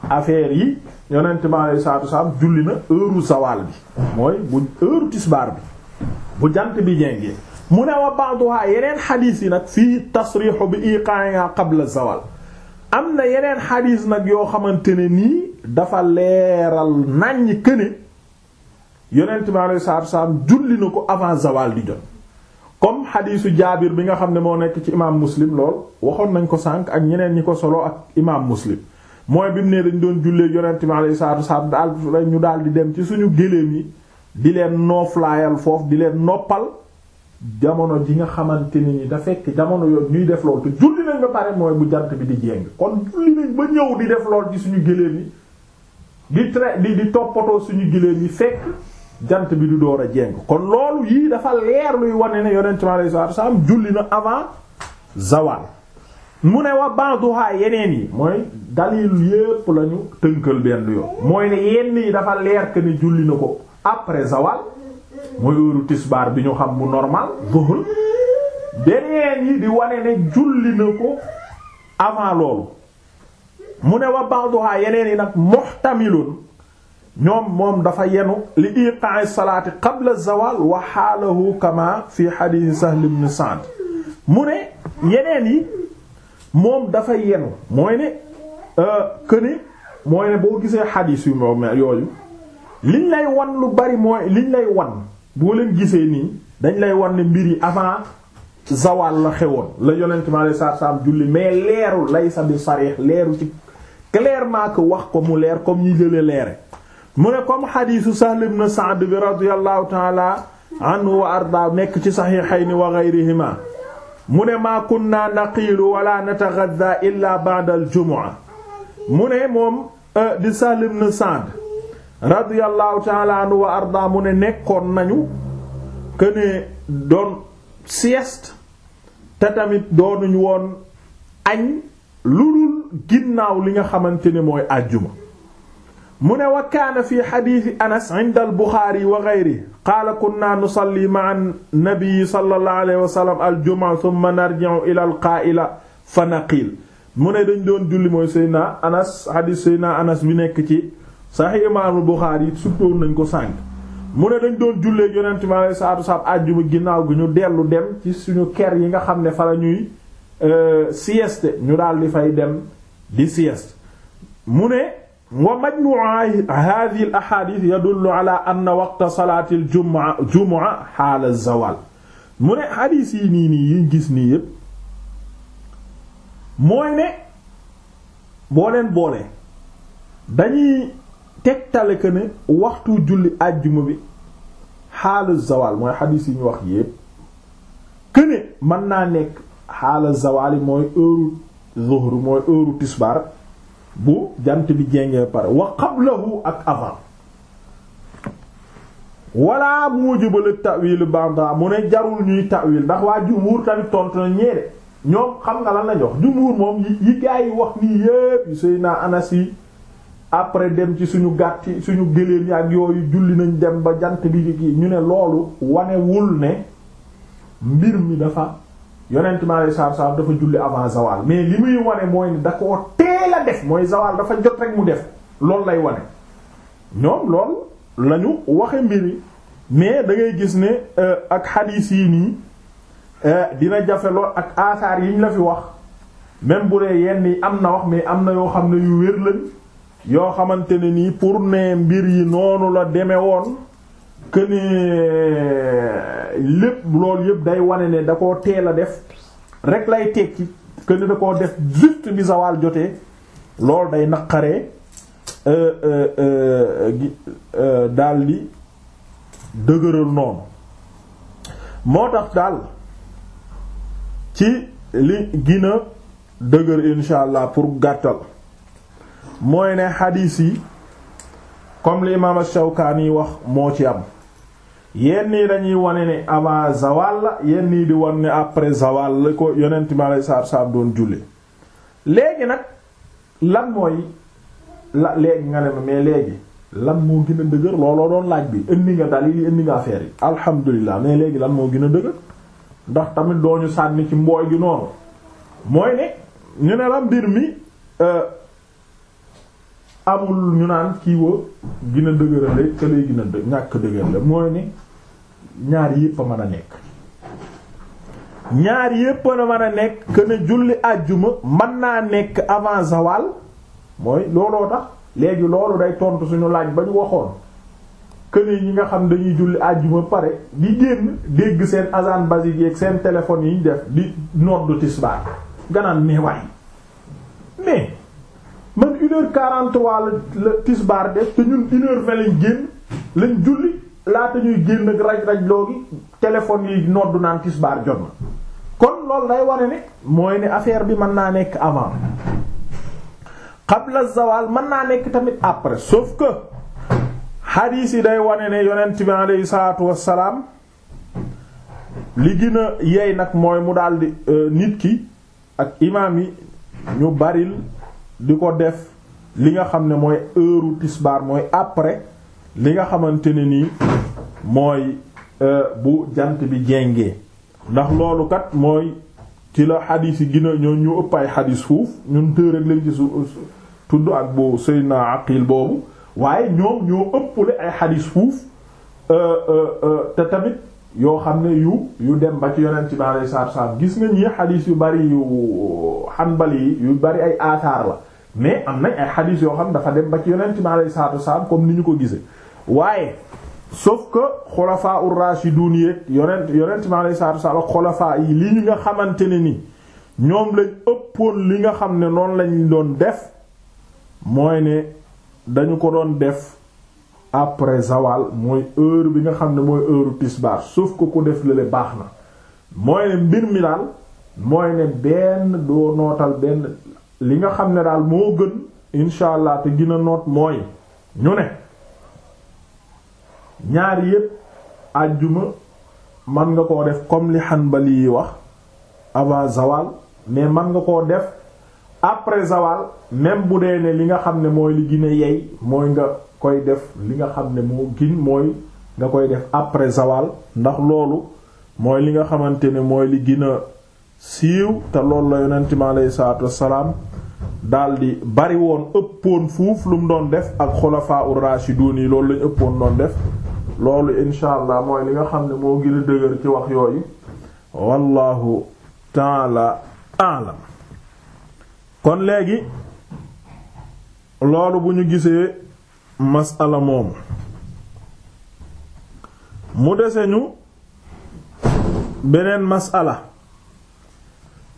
affaire yi yonent bi alayhi salaatu wasalaam julli na heure zawal bi mooy bu heure tisbaar bi bu jant bi jengee mu ne wa ba'duha yeneen xadiis yi nag fii tasriixu bi xab la zawal am na yeneen xadiis nag yoo xamante ne nii dafa leeral nàññ këne yonent bi alayhi salaatu wasalaam julli na ko avant zawal di jot comme xadiisu jaabir bi nga xam ne moo nekk ci imaam muslim lool waxoon nañ ko sànq ak ñeneen ñi ko solo ak imaam muslim mooy bi mu ne dañ doon jullee yonent bi alayhi salaatu daal ñu daal di dem ci suñu géléem yi di leen nooflaayal foofu di leen noppal jamono ji nga xamante ni da fekk jamono yoon ñuy def lool te julli nañ ba pare mooy bu jant bi di jéng kon julli nañ ba ñëw di def lool ci suñu géléem yi di tra di toppatoo suñu géléem yi fekk jant bi di door a jéng kon loolu yii dafa leer luy wane ne yonent bi alayhi salaatu wasallam julli na avant zawal mu ne wa ba'duha yeneen yi mooy dalil yépp lañu tënkal benn yoon mooy ne yenn yi dafa leer que ne julli na ko après zawal mooy heure tisbaar bi ñu xam mu normal dhuhr beneen yi di wane ne julli na ko avant loolu mu ne wa ba'duha yeneen yi nag muhtamilun ñoom moom dafa yenu li iqa'i salaati qabla zawal wa xaalahu kama fi hadith Sahl ibn Sa'd mu ne yeneen yi moom dafa yenu mooy ne euh, que ne mooy ne boo gisee xadiis yu moom yooyu liñ lay wan lu bari mooy liñ lay wan boo leen gisee nii dañ lay wan ne mbir yi avant zawal la xewoon la yonent mi alayhi salaatu salaam julli mais leeru laysa bi sarih leeru ci clairement ko wax ko mu leer comme ñi jële leere mu ne comme xadiisu Sahl ibn Sa'd bi radiyallahu ta'ala anhu wa arda nekk ci saxiixayni wa ghayrihima mu ne maa naa naqiilu wala nataghadha illa ba'da al mu ne moom euh, di Sahl ibn Sa'd radiyallahu ta'ala wa arda mu ne nekkoon nañu que ne doon sieste te tamit doonuñu woon añ lu dul ginnaaw li nga xamante ne mooy àjjuma mu ne wa kaana fi xadiisi anas inda albuxaari wa geyri qaala kunna nusalli ma'a nabii sallallahu alayhi wa al aljuma thumma narji'u ila alqaa'ila fa naqiil mu ne dañ doon julli mooy seydna anas xadiis seydna anas bi nekk ci saxiix imaamul buxaari suttóor nañ ko sànq mu ne dañ doon jullee yonent mi alayhi salaatu wasalaam ginnaaw gi ñu dellu dem ci suñu ker yi nga xam ne fa la ñuy euh, sieste ñu daal di fay dem di sieste mu ne wa majmuu hadhihi al ahadith yadullu ala anna juma juma xaala al mu ne hadith yi nii nii yiñ gis nii yépp mooy ne boo leen boole dañuy tegtale que ne waxtu julli àjjuma bi xaala zawal mooy hadith yi ñu wax yépp que ne mën naa nekk xaala zawal mooy heure zuhr mooy heure tisbaar bu jant bi jéngee pare wa qablahu ak avant wala mujibalu ta'wil banda mu ne jarul ñuy ta'wil ndax waa jumhuur tamit tontu na ñeere ñoom xam nga lan la jox jumhuur moom yi gaa yi wax nii yépp yu sëy naa anas yi après dem ci suñu gàtti suñu gëléem yi ak yooyu julli nañ dem ba jant bi ñu ne loolu wanewul ne mbir mi dafa yonent mi alayhi salaatu salaam dafa julli avant zawal mais li muy wane mooy da koo teel def mooy zawal dafa jot rek mu def loolu lay wane ñoom lool la waxe mbiri mais da ngay gis ne euh, ak xadiis yi nii euh, dina jafe lool ak asaar yiñ la fi wax même bu dee yenn yi am na wax mais am na yoo xam ne yu wér lañ yoo xamante ne nii pour ne mbir yi noonu la deme woon que ne euh, lépp loolu yëpp day wane ne da koo teel a def rek lay tekki que ne da koo def juste bi zawaal jotee loolu day naqaree euh, euh, daal di dëgëral noonu moo tax daal ci li gina dëgër insha allah pour gàttal mooy ne xadiis yi comme li imaam Shawkaani wax moo ci am yenn yi dañuy wane ne avant zawal la yenn yi di wane ne après zawal la ko yonent mi aleyhi salaatu doon jullee léegi nag lan mooy la léegi nga ne ma mais léegi lan moo gën a dëgër looloo doon laaj bi indi nga dalil yi indi nga affaire yi alhamdulilah mais léegi lan moo gin a dëgër ndax tamit doo ñu sànni ci mbooy gi noonu mooy ne ñu ne la mbir mi euh, amul ñu naan kii woo gën a dëgërale te lay gën a ñàkk dëgër la mooy ne ñaar yépp a mën a nekk ñaar yépp a mën a nekk que ne julli àjjuma man naa nekk avant zawal mooy looloo tax léegi loolu day tontu suñu laaj ba ñu waxoon que ne ñi nga xam dañuy julli àjjuma pare di génn dégg seen azan basique yeeg seen téléphone yi ñu def di noddu tisbaar ganaan mais waay mais man une heure quarante la tisbaar def te ñun une heure vingt génn lañ julli. laata ñuy génn ak raj loo loogi téléphone yi noddu naan tisbaar jot na kon loolu day wane ne mooy ne affaire bi mën naa nekk avant qabla zawal mën naa nekk tamit après sauf que xadiis yi day wane ne yonent bi aleyhi salaatu wassalaam li gën a nag mooy mu daldi euh, nit ki ak imaam yi ñu baril di ko def li nga xam ne mooy heure tisbaar mooy après li nga xamante ne nii mooy euh, bu jant bi jengee ndax loolu kat mooy ci la xadiis yi gina ñu ëpp ay xadiis fuuf ñun tër rek lañ tudd ak boobu Seydina Aqil boobu waaye ñoom ñoo ëppale ay xadiis fuuf euh, euh, te tamit yoo xam ne yu yu dem ba ci yonent bi alayhi salaatu salaam gis nga ñii xadiis yu bari yu xanbali yi yu bari ay aataar la mais am nañ ay xadiis yoo xam dafa dem ba ci yonent bi alayhi salaatu salaam comme ni ñu ko gisee waaye sauf que xulafaa ur rashidun yeeg yonent yonent mi alayhi salaatu wasallam xulafaa yi li ñu nga xamante ne ni ñoom lañ ëppoon li nga xam ne noonu lañ doon def mooy ne dañu ko doon def après zawal mooy heure bi nga xam ne mooy heure tisbaar sauf ko ko def lale baax na mooy ne mbir mi daal mooy ne benn doo nootal benn li nga xam ne daal moo gën incha allah te gën noot mooy ñu ne ñaari yépp àjjuma man nga ko def comme li Hanbali yi wax avant zawal mais man nga koo def après zawal même bu dee ne li nga xam ne mooy li gine yey mooy nga koy def li nga xam ne moo gin mooy nga koy def après zawal ndax loolu mooy li nga xamante ne mooy li gën a siiw te loolu la yonent mi aleyhi salaatu wassalaam di bari woon ëppoon fuuf lu mu doon def ak xulafaa ur-raashidun yi loolu lañ ëppoon doon def loolu insha mooy li nga xam ne moo gën a dëgër ci wax yooyu wallahu taala alam kon léegi loolu bu ñu gisee masala moomu mu dese ñu beneen masala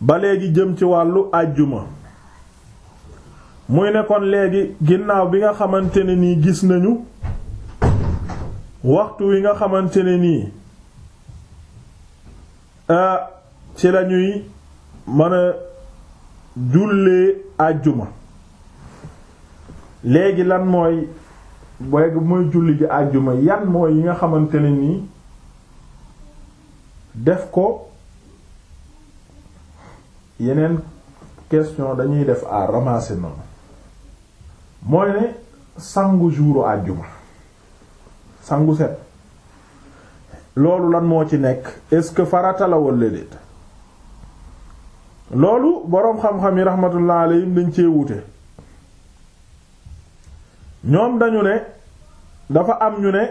ba léegi jëm ci wàllu àjjuma muy ne kon léegi ginnaaw bi nga xamante ne nii gis nañu waxtu wi nga xamante ne nii ah ci la ñuy jullee àjjuma léegi lan mooy léegi mooy julli ji àjjuma yan mooy yi nga xamante ne nii def ko yeneen question dañuy def à ramasser mooy ne sangu jouru àjjuma sangu set loolu lan moo ci nekk est-ce que farata la walla déet loolu boroom xam-xam yi rahmatullah alayhim dañ cee wuute ñoom dañu ne dafa am ñu ne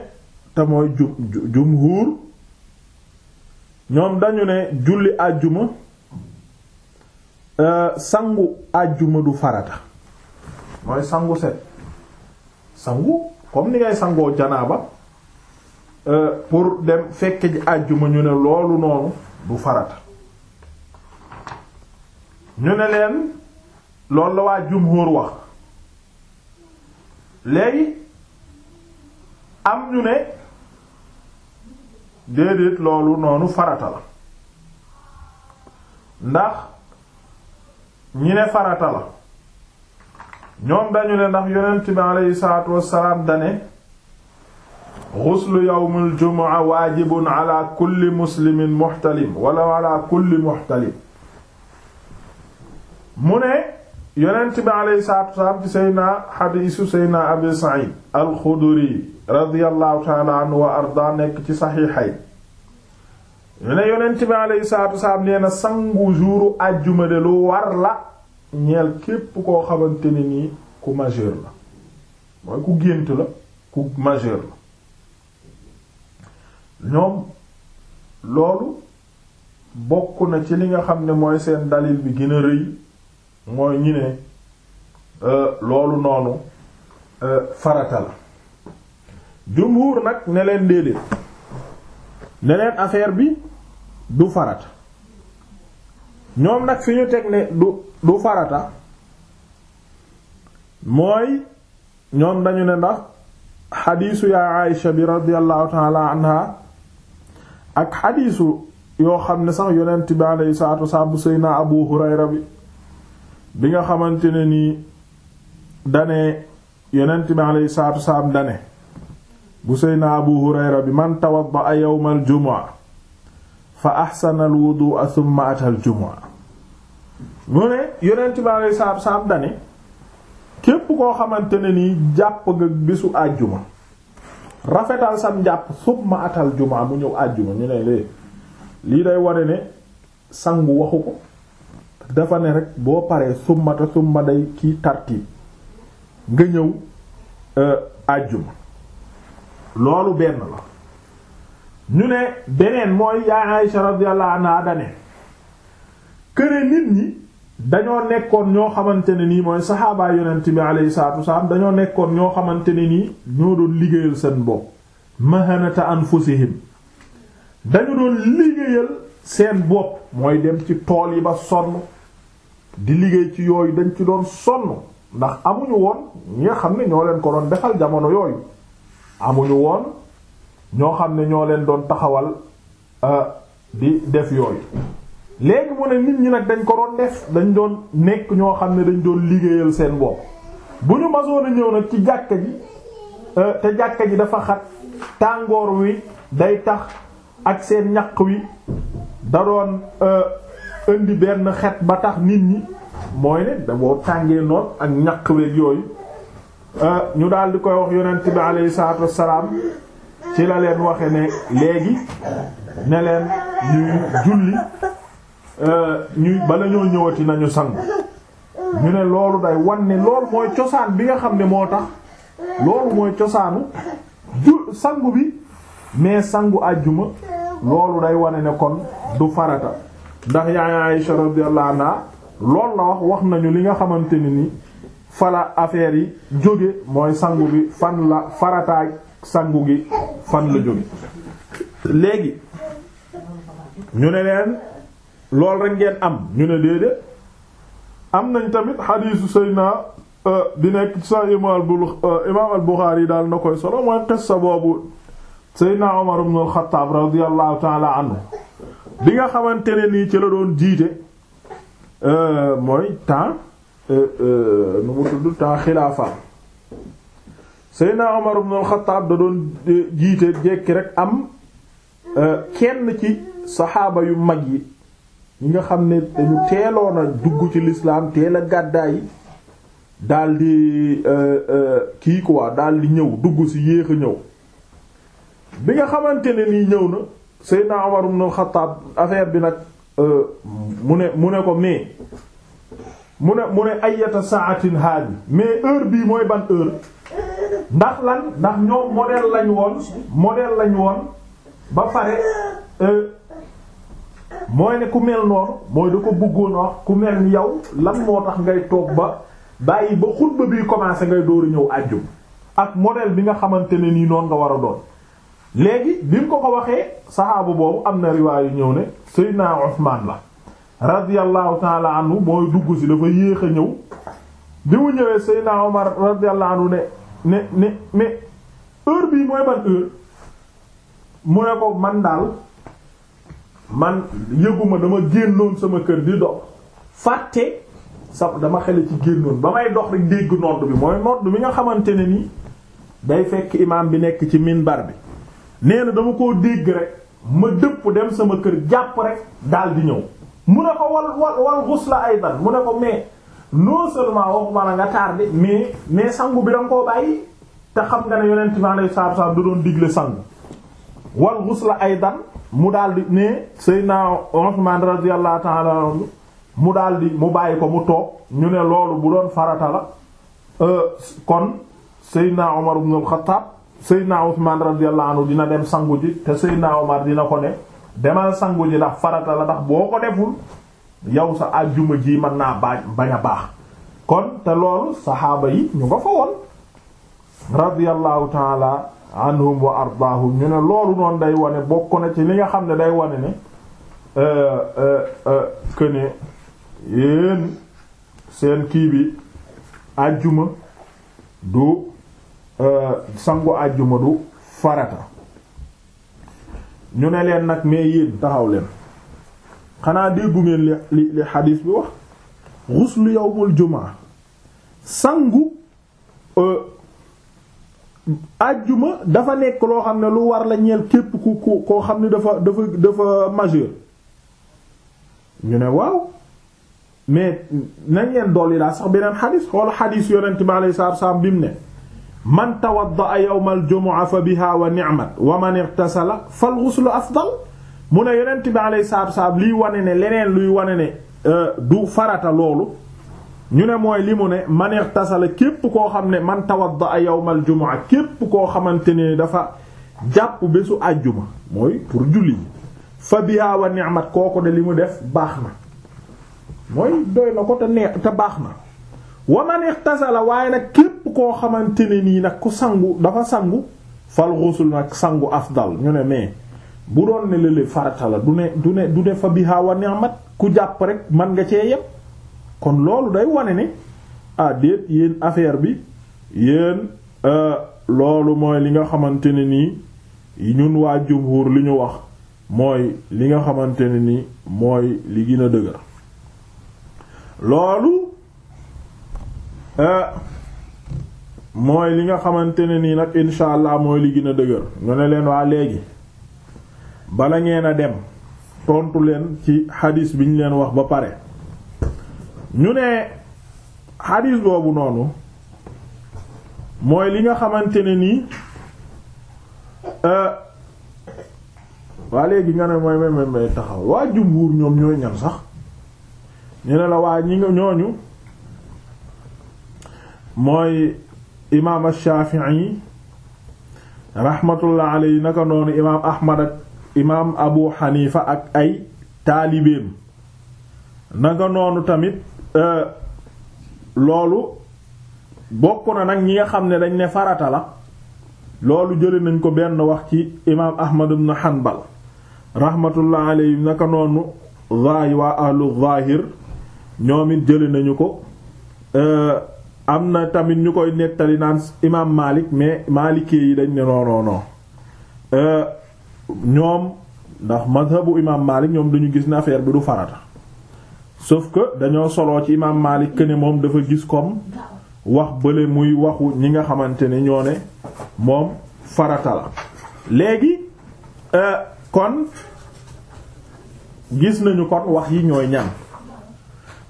te mooy jum jumhuur ñoom dañu ne julli àjjuma euh, sangu àjjuma du farata mooy sangu set sangu comme ni ngay sangoo janaaba Euh, pour dem fekk ji àjjuma ñu ne loolu noonu du farata ñu ne leen loolu la waa jumhur wax léegi am ñu ne déedéet loolu noonu farata la ndax ñi ne farata la ñoom dañu ne ndax yonent bi aleyhi salaatu wassalaam dane xuslu yawmul jumaa waajibun ala kulli muslimin muxtalim wala ala kulli muxtalim mu ne yonent bi alayhi salaatu wasalaam ci sayna xadiisu sayna abi said alxuduri radiallahu taala anhu wa arda nekk ci saxiixay ñu ne yonent bi alayhi salaatu wasalaam nee na sangu juuru àjjuma de lu war la ñeel képp koo xamante ni nii ku majeur la mooy ku gént la ku majeur la ñoom loolu bokk na ci li nga xam ne mooy seen dalil bi gën a rëy mooy ñi ne euh, loolu noonu euh, farata la jumhur nag ne leen déedéet ne leen affaire bi du farata ñoom nag fi ñu teg ne du du farata mooy ñoom dañu ne ndax xadiisu yaa Aisha bi radiyallahu ta'ala anha ak xadiisu yoo xam ne sax yonent bi alayhi salaatu wasalaam bu seyna abu hurayra bi bi nga xamante ne nii dane yu saatu alayhi salaatu wasalaam dane bu seyna abu hurayra bi man tawadda yawmal jumaa fa ahsana al wudu'a thumma ata al jumaa mu ne yonent bi alayhi salaatu wasalaam képp koo xamante ne nii jàpp nga bisu àjjuma rafetal sam jàpp summa atal jumaa mu ñëw àjjuma ñu ne lée lii day ware ne sangu waxu ko dafa ne rek boo paree summa te summa day kii tartiib nga ñëw euh, àjjuma loolu benn la ñu ne beneen mooy yaa Aisha radiyallahu anha dane këre nit ñi dañoo nekkoon ñoo xamante ne nii mooy saxaabaa yonent bi alayhi salaatu wasalaam dañoo nekkoon ñoo xamante ne nii ñoo doon liggéeyal seen bopp mahanata anfusihim dañu doon liggéeyal seen bopp mooy dem ci tool yi ba sonn di liggéey ci yooyu dañ ci doon sonn ndax amuñu woon ñi nga xam ne ñoo leen ko doon defal jamono yooyu amuñu woon ñoo xam ne ñoo leen doon taxawal euh, di def yooyu léegi mu ne nit ñi nag dañ ko doon def dañ doon nekk ñoo xam ne dañ doon liggéeyal seen bopp bu ñu masoon a ñëw nag ci jàkka ji euh, te jàkka ji dafa xat tàngoor wi day tax ak seen ñaq wi da doon euh, indi benn xet ba tax nit ñi mooy ne da boo tàngee noon ak ñaq weeg yooyu euh, ñu daal di koy wax yonent bi alayhi salaatu wassalaam ci la leen waxe ne léegi ne leen ñuy julli Euh, ñuy bala ñoo ñëwati nañu sangu ñu ne loolu day wan ne loolu mooy cosaan bi nga xam ne moo tax loolu mooy cosaanu ju sangu bi mais sangu àjjuma loolu day wane ne kon du farata ndax yaa Aisha radiyallahu anha loolu la wax wax nañu li nga xamante ni ni fala affaire yi jóge mooy sangu bi fan la farataay sangu gi fan la jóge léegi ñu ne leen loolu rek ngeen am ñu ne déedéet am nañ tamit xadiisu Seydina euh, bi nekk ci sa imaam al Buxaari euh, yi daal na koy solo mooy qissa boobu Seydina Umar ibn al-Xattaab radiyallahu taala anhu bi nga xamante ne nii ci la doon jiite euh, mooy temps nu mu tudd temps xilaafa Seydina Umar ibn al da doon jiite jekki rek am kenn ci saxaaba yu mag yi ñi nga xam ne dañu teeloon a dugg ci lislaam teel a gàddaay daal di euh, euh, kii quoi di ñëw dugg ci yéex a ñëw bi nga xamante ne nii ñëw na Seydina Umar ibn Xattaab affaire bi nag euh, mu ne mu ne ko mais mu ne mu ne ayata saatin haadi mais heure bii mooy ban heure ndax lan ndax ñoom modèle lañ woon modèle lañ woon ba pare. mooy ne ku mel noonu mooy da ko bëggoon wax ku mel ni yow lan moo tax ngay toog ba bàyyi ba xutba bi commencé ngay dooru ñëw àjjum ak modèle bi nga xamante ne nii noonu nga war a doon léegi bi mu ko ko waxee saxaabu boobu am na riwaay yu ñëw ne Seydina Usmaan la radiyallahu mooy dugg si dafa yéex a ñëw bi mu ñëwee Seydina Omar radiyallahu anhu ne ne ne mais bii mooy ban heure mu ne man daal man yëguma dama génnoon sama kër di dox fàtte sa dama xele ci génnoon ba may dox rek dégg nodd bi mooy nodd bi nga xamante ne ni day fekk imaam bi nekk ci minbar bi nee na dama koo dégg rek ma dëpp dem sama kër jàpp rek daal di ñëw mu ne ko wal wal wal ghusla aydan mu ne ko mais non seulement waxuma la nga tardé mais mais sangu bi da nga koo bàyyi te xam nga ne yonent bi alayhi salaatu wa salaam da doon digle sangu wal ghusla aydan mu daldi ne Seydina Usman radiyallahu ta'ala mu daldi mu bàyyi ko mu toog ñu ne loolu bu doon farata la euh, kon Seydina Umar ibn al-Khattab Seydina Usman radiyallahu dina dem sangu ji te Seydina Umar dina ko ne demal sangu ji ndax farata la ndax boo ko deful yow sa àjjuma ji mën naa baa bañ a baax kon te loolu saxaaba yi ñu nga fa woon radiyallahu ta'ala anhum wa ardaahum ñu ne loolu doon day wane bokk na ci li nga xam ne day wane ne euh, euh, euh, que ne seen kii bi àjjuma du sangu àjjuma du farata ñu ne leen nag mais yéen taxaw leen xanaa déggu ngeen li li li xadiis bi wax xuslu yawmul jumaa sangu àjjuma dafa nekk loo xam ne lu war la ñeel képp ku ku koo xam ne dafa dafa dafa majeur ñu ne waaw mais nañ leen yi daal sax beneen xadis xool xadis yonent bi alayhi salaatu salaam bi mu ne man tawadda yawmal jumu'a fa biha wa ni'mat wa man ightasala fal ghuslu afdal mu ne yonent bi alayhi salaatu salaam liy wane ne leneen luy wane ne euh, du farata loolu ñu ne mooy li mu ne man irtasala képp koo xam ne man tawadda a yawmal jumaa képp koo xamante ne dafa jàpp bésu àjjuma mooy pour julli fa biha wa ni'mat kooku de li mu def baax na mooy doy na ko te neex te baax na wa man tasala waaye nag képp koo xamante ne nii nag ku sangu dafa sangu fal ghusl nag sangu afdal ñu ne mais bu doon ne lële farata la du ne du ne du def fa biha wa ni'mat ku jàpp rek man nga cee yépp kon loolu day wane ne ah déet yéen affaire bi yéen euh, loolu mooy li nga xamante ne nii ñun waa jumhur li ñu wax mooy li nga xamante ne nii mooy li gën a dëgër loolu euh, mooy li nga xamante ne nii nag insha mooy li gën a dëgër ñu ne leen waa léegi bala ngeen a dem tontu leen ci hadis bi ñu leen wax ba pare ñu ne xadiis boobu noonu mooy li nga xamante ne nii euh, waa léegi nga ne mooy may may taxaw waa jumbuur ñoom ñooy ñan sax ñu ne la waa ñi nga ñooñu mooy imaam Shaafi'i rahmatullah alayhi naka noonu imaam Ahmad ak imaam Abu Hanifa ak ay taalibeem naka noonu tamit Euh, loolu bokk na nag ñi nga xam ne dañ ne farata la loolu jële nañ ko benn wax ci imaam ahmad ibn hanbal rahmatullah alayhi naka noonu zaay waa ahlu zaahir ñoom it nañu ko euh, am na tamit ñu koy nettali naan imaam maalik mais maalikee yi dañ ne non euh, ñoom ndax mazhabu imaam maalik ñoom dañu gis ne affaire bi du farata sof que dañoo solo ci imaam Maalik ne moom dafa gis comme wax bale muy waxu ñi nga xamante ne ñoo ne moom farata la léegi euh, kon gis nañu kon wax yi ñooy ñan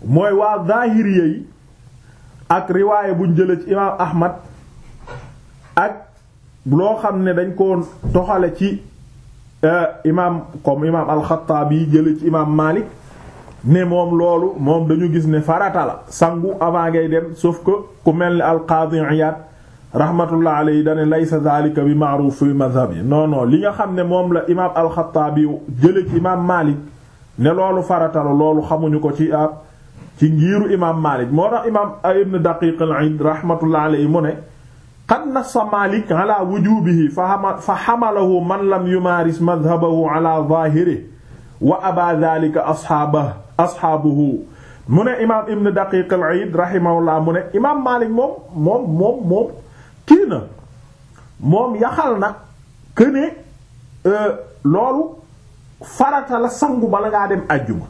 mooy waa zahiriya yi ak riwaaye buñ jële ci imaam Ahmad ak loo xam ne dañ ko toxale ci euh, imaam comme imaam al-Xattaabi jële ci imaam Maalik ne moom loolu moom dañu gis ne farata sangu avant ngay dem sauf que ku mel ni alqaadi Iyaad rahmatullah alayhi dane laysa zalika bi ma'ruf fi madhhabi non non li nga xam ne moom la imaam alxataabi jële imaam Maalik ne loolu farata la loolu xamuñu ko ci ab ah, ci ngiiru imaam Maalik moo tax imaam ibn Daqiiq al-Iid rahmatullah mu ne qad nassa Maalik ala wujubihi fa hamalahu man lam yumaaris madhhabahu ala zaahirihi wa asxaabuhu mu ne imaam ibn daqiq al-Iid rahimahullah mu ne imaam Maalik moom moom moom kii na moom yaxal na que euh, loolu farata la sangu bala ngaa dem àjjuma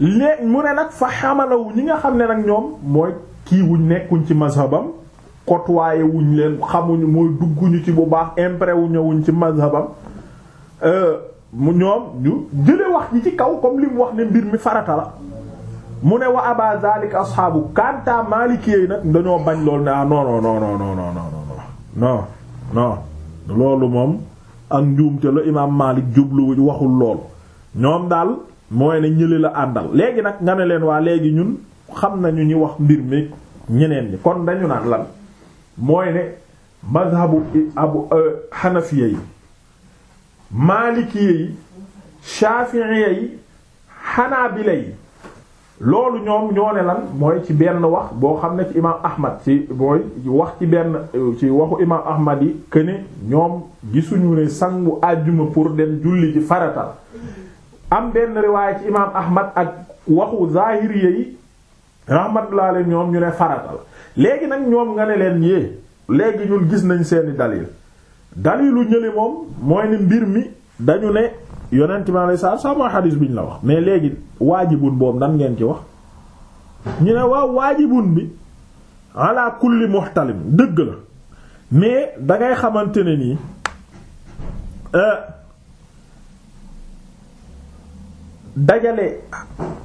léegi mu ne nag fa xamalawu ñi nga xam ne nag ñoom mooy kii wuñ nekkuñ ci mazhabam côtoyé wuñ leen xamuñu mooy dugguñu ci bu baax impré wu ñëwuñ ci mazhabam euh, mu ñoom ñu jële wax ji ci kaw comme li mu wax ne mbir mi farata la mu ne wa aba zalik asxaabu kanta maliki yi nag dañoo bañ lool ne ah non non non non loolu moom ak njuumte la imaam Malik jublu waxul lool ñoom daal mooy ne ñële la àndal léegi nag nga ne leen waa léegi ñun xam na ñu ñi wax mbir mi ñeneen ñi kon dañu naan lan mooy ne mazhabu abu xanafiya yi maalikiye yi shafi'iye yi xanaabila yi loolu ñoom ñoo ne lan mooy ci benn wax boo xam ne ci imaam ahmad ci mooy wax ci benn ci waxu imaam ahmad yi que ñoom gisuñu ne sangu àjjuma pour dem julli ci farata am benn riwaaya ci imaam ahmad ak waxu zahiriye yi rahmatullah leen ñoom ñu ne farata la léegi nag ñoom nga ne leen yée léegi ñun gis nañ seeni dalil dalilu ñële moom mooy ne mbir mi dañu ne yonent mi alayhi salaatu salaam mooy bi ñu la wax mais léegi waajibun boobu nan ngeen ci wax ñu ne waaw waajibun bi ala kulli muhtalim dëgg la mais dangay xamante ne nii euh, dajale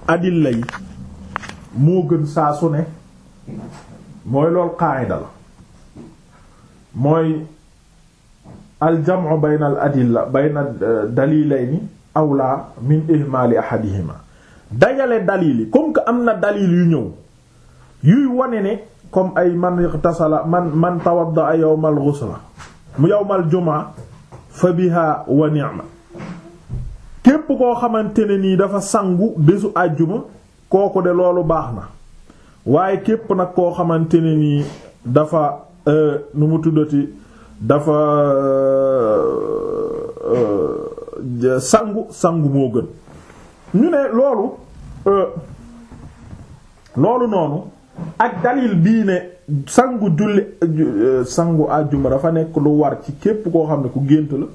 adilla yi moo gën saa su ne mooy lool qaayida la mooy aljamu bayna al adilla bayna euh, dalilayni awla min ihmaali ahadihima dajale dalil comme que am na dalil yu ñëw yuy wane ne comme ay man ightasala man man tawadda yawm al ghusla mu yawm jumaa fa biha wa ni'ma képp koo xamante ne nii dafa sangu bésu àjjuma kooku de loolu baax na waaye képp nag koo xamante ne nii dafa euh, nu mu tuddati dafa euh, euh, sangu sangu moo gën ñu ne loolu euh, loolu noonu ak dalil bii ne sangu julli sangu àjjuma dafa nekk lu war ci képp koo xam ne ku gént la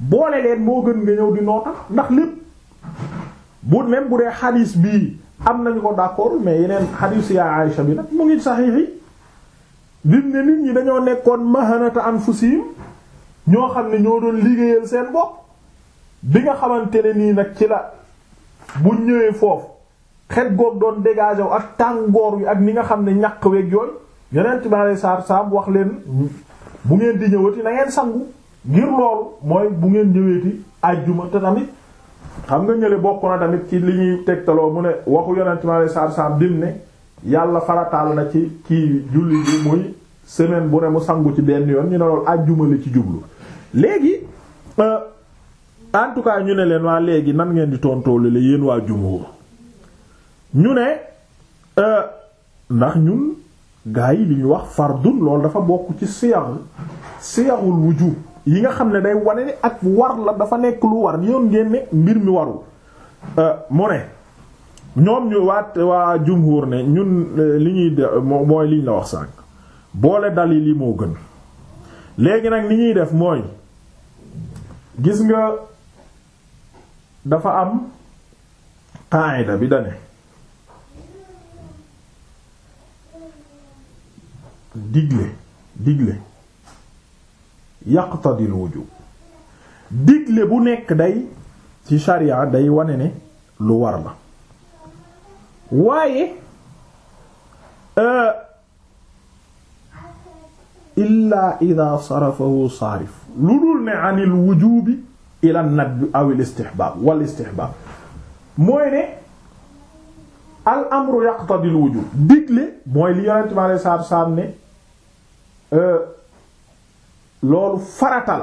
boole leen moo gën nga ñëw di noota ndax lépp bu même bu dee xadiis bii am nañu ko d'accord mais yeneen xadiis yaa Aïcha bi nag mu ngi saxiix bim ne nit ñi dañoo nekkoon mahanata anfusihim ñoo xam ne ñoo doon liggéeyal seen bopp bi nga xamante ne nii nag ci la buñ ñëwee foofu xet goog doon dégagé wu ak tàngoor wi ak ni nga xam ne ñàkk week yooyu yonent bi alayhi salaatu salaam wax leen bu ngeen di ñëwati na ngeen sangu ngir loolu mooy bu ngeen ñëweeti àjjuma te tamit xam nga ñële bokk na tamit ci li ñuy tegtaloo mu ne waxu yonent bi alayhi salaatu salaam dim yàlla farataal na ci kii julli bi muy semaine bu ne mu sangu ci benn yoon ñu ne loolu àjjuma la ci jublu léegi euh, en ñu ne leen waa léegi nan ngeen di tontoole la yéen waa jumhur ñu ne euh, ndax ñun gaa yi li ñu wax fardun loolu dafa bokk ci siyaaru siyaarul ju yi nga xam ne day wane ni ak war la dafa nekk lu war yoon ngeen ne mbir mi warul euh, mu ne ñoom ñu waat waa jumhur ne ñun euh, li ñuy def mooy liñ la wax sànk boole dalil yi moo gën léegi nag li ñuy def mooy gis nga dafa am qaida bi dane digle digle yaqtadil wujub digle bu nekk day ci sharia day wane ne lu war la waaye euh, illa ida sarafahu saarif lu dul ne anil wujubi ila al istihbaab wal istihbaab mooy ne al amru yaqtadi al wujub digle mooy li yonent bi alayhi ne euh, loolu farata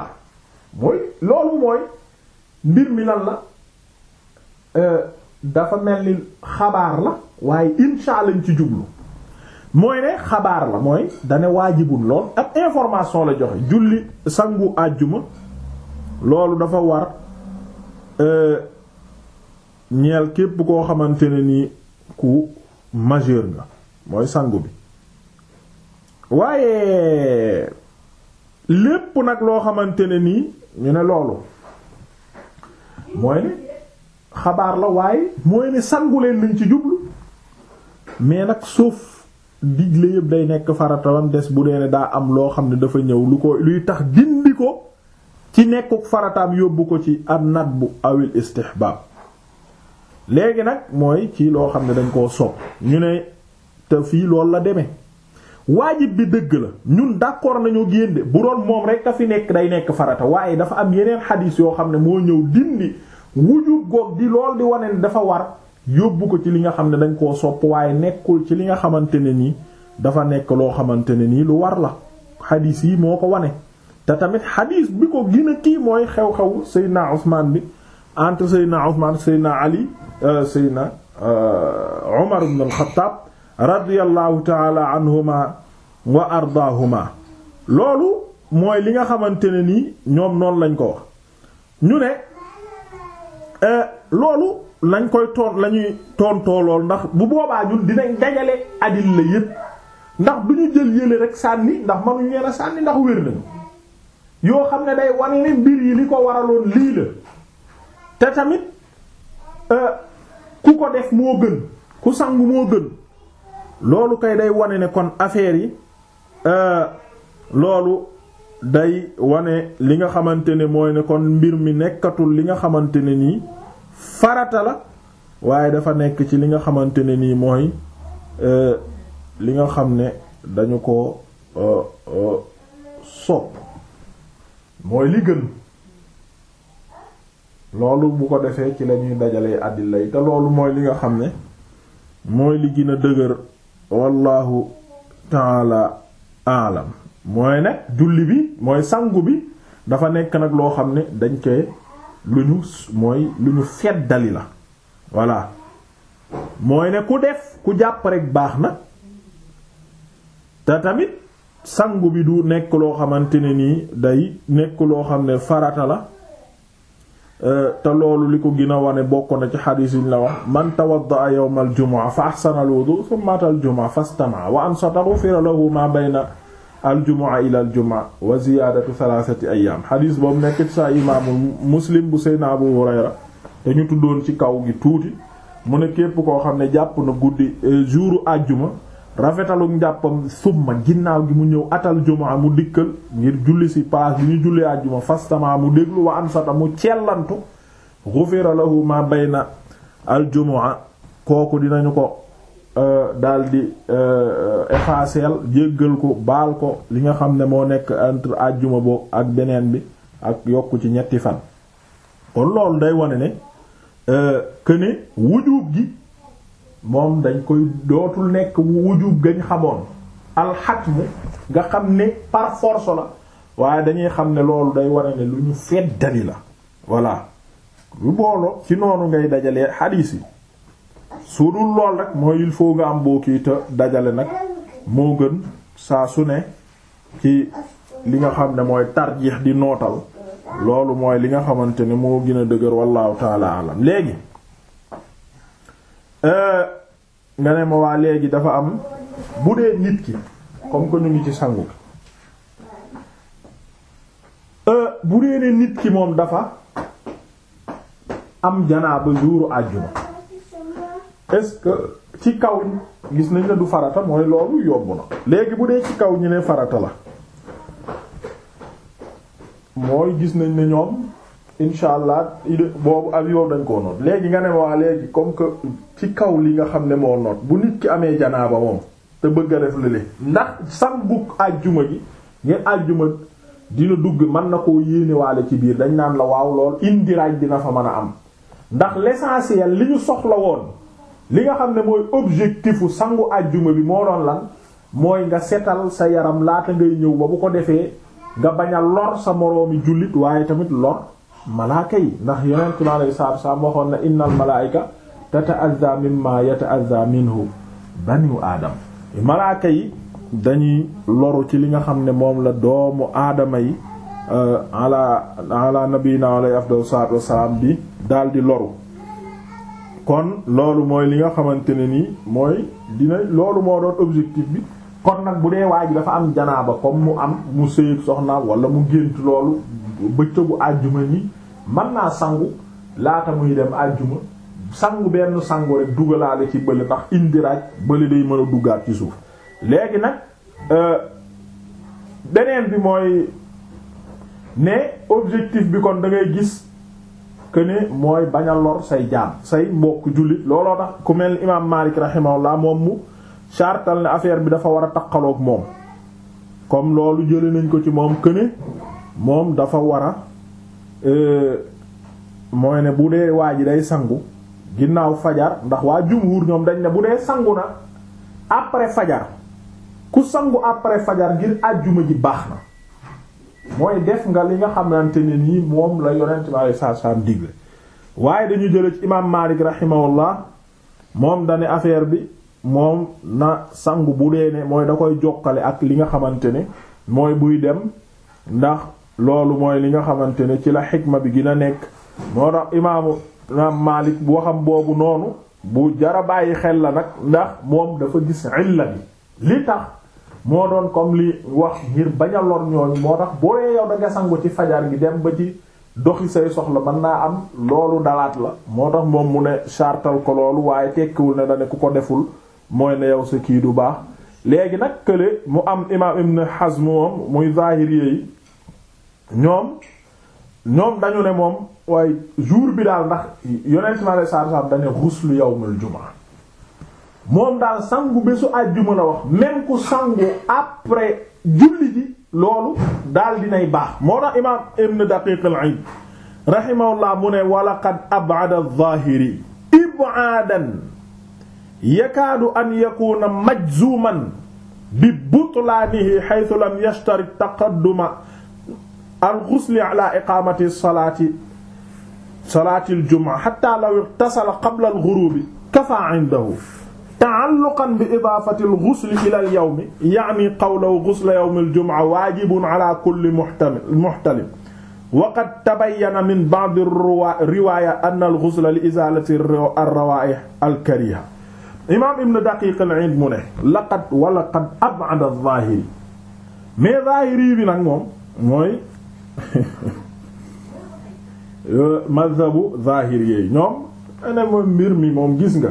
mooy loolu mooy mbir mi lan euh, dafa mel ni xabaar la waaye insha lañ ci jublu mooy ne xabaar la mooy dane waajibun lool ak information la joxe julli sangu àjjuma loolu dafa war euh, ñeel képp koo xamante ne ni ku majeur nga mooy sangu bi waaye lépp nag loo xamante ne nii ñu ne loolu mooy ne xabaar la waaye mooy ne sangu leen lañ ci jublu mais nag suuf sauf la yëpp day nekk faratalam des bu dee ne daa am loo xam ne dafa ñëw lu ko luy tax dindi ko ci nekkuk farataam yóbbu ko ci ab nat bu awil istihbaab léegi nag mooy ci loo xam ne dañ koo sopp ñu ne te fii loolu la demee waajib bi dëgg la ñun d'accord nañu génde bu doon moom rek a fi nekk day nekk farata waaye dafa am yeneen xadiis yoo xam ne moo ñëw dindi wujub goog di lool di wane dafa war yóbbu ko ci li nga xam ne dañ koo sopp waaye nekkul ci li nga xamante ne nii dafa nekk loo xamante ne nii lu war la xadiis yi moo ko wane te tamit xadiis bi ko gën kii mooy xew-xew Seydina Ousmane bi entre Seydina Ousmane Seydina Ali euh, Seydina euh, Omar ibn al-Khattab radiyallahu ardaahuma loolu mooy li nga xamante ne nii ñoom noonu lañ ko wax ñu ne Euh, loolu lañ koy toon lañuy ñuy tontoo ndax bu boobaa jul dinañ dajale adil la yépp ndax du ñu jël yële rek sànni ndax mënuñu leen a sànni ndax wér nañu yoo xam ne day wane ne mbir yi li ko waraloon lii la te tamit euh, ku ko def moo gën ku sangu moo gën loolu kay day wane ne kon affaire yi euh, loolu day wane li nga xamante ne mooy ne kon mbir mi nekkatul li nga xamante ne nii farata la waaye dafa nekk ci li nga xamante ne nii mooy euh, li nga xam ne dañu ko euh, euh, sopp mooy li gën loolu bu ko defee ci lañuy dajalee àddila yi te loolu mooy li nga xam ne mooy li gën a dëgër wallahu taala alam mooy ne julli bi mooy sangu bi dafa nekk nag loo xam ne dañ koy lu ñu mooy lu ñu feddali la voilà mooy ne ku def ku jàpp rek baax na te tamit sangu bi du nekk loo xamante ne nii day nekk loo xam ne farata la euh, te loolu li ko gën wane bokk na ci xadiis yi la wax man tawaddaa yawmal jumaa fa ahsana al wudu thumma atal jumaa fastama wa ansata ghufira lahu ma bayna al aljumaa ila aljumaa wa ziyaadatu thalathati ayyam xadiis boobu nekk ci sa imaamu muslim bu seyna abu hurayra te ñu tuddoon ci kaw gi tuuti mu ne képp koo xam ne jàpp na guddi eh, juru àjjuma rafetalu njàppam summa ginnaaw gi mu ñëw atal jumaa mu dikkal ngir julli ci paas bi ñu julli àjjuma fastama mu déglu wa ansata mu cellantu xufira lahu ma bayna aljumaa kooku dinañu ko Euh, daldi euh, effacer jéggal ko baal ko li nga xam ne moo nekk entre àjjuma boobu ak beneen bi ak yokku ci ñetti fan kon loolu day wane ne euh, que ne wujub gi moom dañ koy dootul nekk wujub gañ xamoon alxatmu nga xam ne par force la waaye dañuy xam ne loolu day wane ne lu ñu feddali la voilà lu ci noonu ngay dajalee xadiis su dul lool rek moo il faut nga am boo kii dajale nag moo gën saa su ne ci li nga xam ne mooy tarjiix di nootal loolu mooy li nga xamante ne moo gën a dëgër wallahu taala alam léegi euh, nga ne ma waa léegi dafa am bu dee nit ki comme que ñu ngi ci sangu euh, bu dee ne nit ki moom dafa am janaaba jouru àjjuma est-ce que ci kaw gis nañ ne du farata mooy loolu yomb na léegi bu dee ci kaw ñu ne farata la mooy gis nañ ne ñoom incha allah idée boobu ak yow dañ koo noot léegi nga ne waa léegi comme que ci kaw li nga xam ne moo noot bu nit ki amee janaaba moom te bëgg a def lële ndax sangug àjjuma gi ngir àjjuma dina dugg mën na koo yéenewaale ci biir dañ naan la waaw lool indiraaj dina fa mën a am ndax l'essentiel li ñu soxla woon. li nga xam ne mooy objectifu sangu àjjuma bi moo doon lan mooy nga setal sa yaram laata ngay ñëw ba bu ko defee nga bañ lor sa moroomi jullit waaye tamit lor malaaka yi ndax yonent mi alayhi salaatu wassalaam waxoon na innal malaa'ika tata'azza mimma yata'azza minhu banu aadam malaaka yi dañuy loru ci li nga xam ne moom la doomu aadama yi euh, ala ala nabiyina alayhi afdalu sa wassalaam bi daal di loru kon loolu mooy li nga xamante ne nii mooy dina loolu moo doon objectif bi kon nag bu dee waa ji dafa am janaaba comme mu am mu sëyëg soxna wala mu gént loolu bëccëgu àjjuma ni man naa sangu laata muy dem àjjuma sangu benn sangu rek dugalaale ci bële ndax indiraaj bële day mën a duggaat ci suuf léegi nag euh, beneen bi mooy ne objectif bi kon da ngay gis que ne mooy bañal a lor say jaam say mbokk jullit looloo tax ku mel ni imaam Maalik rahimahullah moom mu chartal ne affaire bi dafa war a taqaloog moom comme loolu jële nañ ko ci moom que ne moom dafa war a euh, mooy ne bu dee waa ji day sangu ginnaaw fajar ndax waa jumhur ñoom dañ ne bu dee sangu na après fajar ku sangu après fajar ngir àjjuma ji baax na mooy def nga li nga xamante ne nii moom la yonent bi alayhi salaatu salaam digle waaye dañu jële ci imaam Maalik rahimahullah moom dane affaire bi moom na sangu bu dee ne mooy da koy jokkale ak li nga xamante ne mooy buy dem ndax loolu mooy li nga xamante ne ci la xikma bi gën a nekk moo tax imaamu imaam Maalik bu waxam boobu noonu bu jara bàyyi xel la nag ndax moom dafa gis illa bi li tax moo doon comme li wax ngir bañ a lor ñooñu moo tax boo dee yow da nga sangu ci fajar gi dem ba ci doxi say soxla mën naa am loolu dalaat la moo tax moom mu ne chartal ko loolu waaye tekkiwul ne da ku ko deful mooy ne yow sa kii du baax léegi nag kële mu am imam Ibn Hazm moom muy zahiri yi ñoom ñoom dañu ne moom waaye jour bi daal ndax yonent mi sallallahu alayhi wasallam dañu ne ghuslu yawmul jumaa moom daal sangu bésu àjjuma la wax même ku sangu après julli ji loolu daal dinay baax moo tax imaam ibn daqiq al-aid rahimahullah mu ne wa laqad ab'ada adh-dhahiri ib'aadan yakaadu an yakuna majzuman bi butlaanihi haythu lam yashtari taqadduma al-ghusli ala iqaamati salaati salaati al-jumu'a hatta law ightasala qabla al-ghurubi kafaa 'indahu ta'alluqan bi idaafati al-ghusl ila al-yawmi ya'ni qawluhu ghusla yawm al-jumu'a waajibun ala kulli muhtamil muhtalim wa qad tabayyana min ba'd ar-riwaaya anna al-ghusla li izaalati ar-rawaa'ih al-kariha imaam ibn daqiq al-'iid mu ne laqad wa laqad ab'ada az-zaahiri mais zaahiri bi nag moom mooy euh, mazhabu zaahiri yi ñoom ene moom mbir mi moom gis nga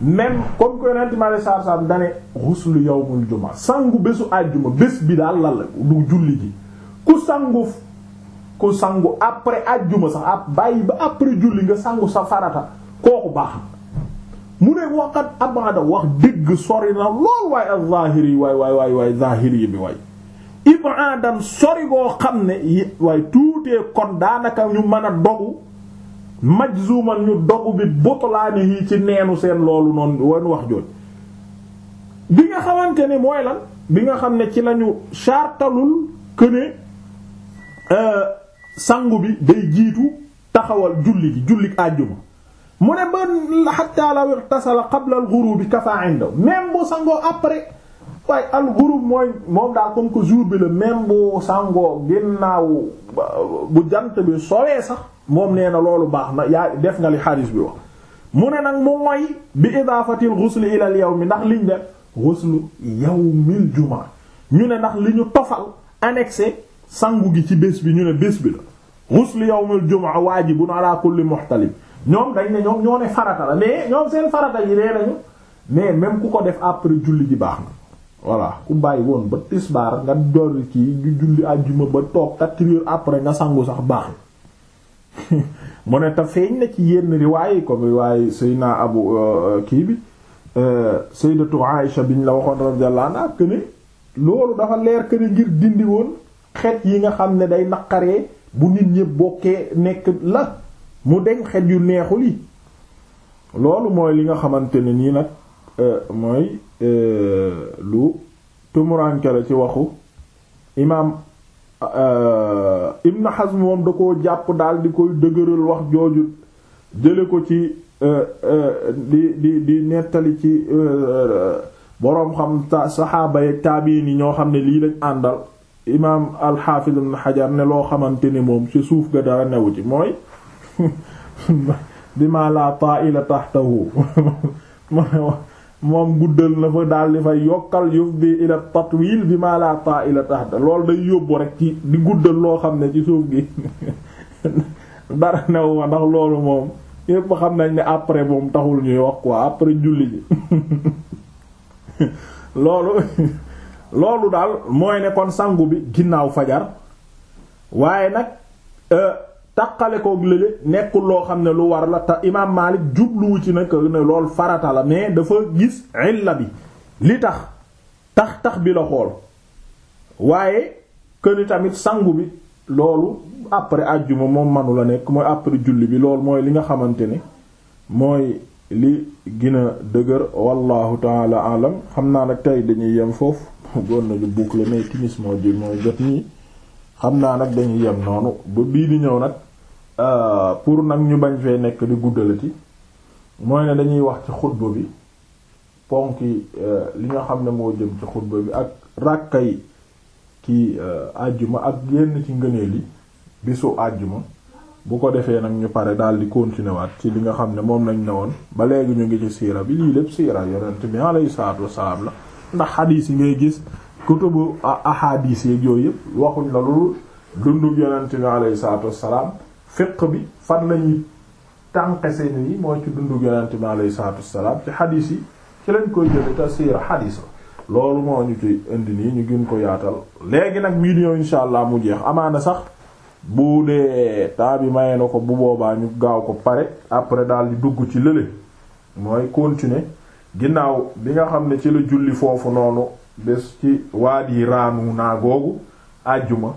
même comme que yonent ma la saar saar dane xuslu yawmul juma sangu bésu àjjuma bés bi daal la du julli ji ku sangu ku sangu après àjjuma sax ab bàyyi ba après julli nga sangu sa farata kooku baax na mu ne waqat abada wax dëgg sori na lool waaye al zahiri waay waay waay waay zahiri bi waay ibaadan sori goo xam ne yi waaye tuutee kon daanaka ñu mën a dogu majzuman ñu dogu bi butlaani yi ci neenu seen loolu noonu wax jooj bi nga xamante ne mooy lan bi nga xam ne ci lañu sartalul këne euh, sangu bi day jiitu taxawal julli gi julli àjjuma mu ne ba hatta law ightasala qabla al-ghurub kafa indaw même bu sangoo après waaye al-ghurub mooy moom daal comme que jour bi la même bu sangoo bu jant bi sowee sax moom nee na loolu baax na yaa def nga li xadis bi wax mu ne nag mu mooy bi idaafatil ghusl ila al mi ndax liñ def ghusl yawmil juma ñu ne ndax li ñu tofal annexé sangu gi ci bés bi ñu ne bés bi la ghusl yawmil jumaa waajibun ala kulli muhtalim ñoom dañ ne ñoom ñoo ne farata la mais ñoom seen farata yi dee nañu mais même ku ko def après julli ji baax na voilà ku bàyyi woon ba tisbaar nga door kii ju julli àjjuma ba toog quatre heures après nga sangu sax baax mu ne te feeñ na ci yenn riwaay yi comme riwaay Seydina Abu euh, euh, kii bi euh, Sayyidatu Aïsha biñ la waxoon radiyallahu anha ak ne loolu dafa leer que ngir dindi woon xet yi nga xam ne day naqaree bu nit ñëpp bokkee nekk la mu deñ xet yu neexul yi loolu mooy li nga xamante ne nii nag mooy lu tumuraanke la ci waxu imaam Euh, Ibn Hazm moom da ko jàpp daal di koy dëgëral wax jooju jële ko ci euh, euh, di di di nettali ci boroom xam saxaaba yi taabiin yi ñoo xam ne lii lañ àndal imaam al-Hafiz xajar Hajar loo xamante ni moom ci suuf ga dara newu ci mooy bi ma la ta'ila tahtahu moom guddal na fa daal di fa yokkal yufdi ila tatwil bi ma la ta ila tahta loolu day yóbbu rek ci di guddal loo xam ne ci suuf gi dara new ma ndax loolu moom yépp xam nañ ni après moom taxul ñuy wax quoi après julli ji loolu loolu daal mooy ne sangu bi ginnaaw fajar waaye nag euh, taqale koog lële nekkul loo xam ne lu war la te imaam Maalik lu ci nag ne lool farata la mais dafa gis illa bi li tax tax tax bi la xool waaye këni tamit sangu bi loolu après àjjuma moom manu la nekk mooy après julli bi loolu mooy li nga xamante ni mooy li gën a dëgër wallahu taala xam naa nag tey dañuy yem foofu goon nañu boucler mais timis moo jël mooy jot nii xam naa nag dañuy yem noonu ba bii di ñëw nag Euh, pour nag ñu bañ fee nekk di guddalati mooy ne dañuy wax ci xutba bi ponki euh, li nga xam ne moo jëm ci xutba bi ak ràkkay ki euh, àjjuma ak yenn ci ngëneel yi bisu àjjuma bu ko defee nag ñu pare daal di continuer waat ci li nga xam ne moom lañ ne woon ba léegi ñu ngi ci siira bi lii lépp siira yonent bi alayhi salaatu wassalaam la ndax xadiis yi ngay gis kutubu ahadiis yeeg yooyu yëpp waxuñ la lu dundug yonent bi alayhi salaatu wassalaam fiq bi fan lañuy tànqe seen yi mooy ci dundu yonent bi alayhi salaatu wassalaam ci xadiis yi ci lañ koy jële te xadiis la loolu moo ñu ci indi nii ñu gën ko yaatal léegi nag mii diñoo allah mu jeex amaana sax bu dee taa bi mayee na ko bu boobaa ñu gaaw ko pare après daal di dugg ci lële mooy continuer ginnaaw bi nga xam ne ci la julli foofu noonu bés ci waadi raanu naa googu àjjuma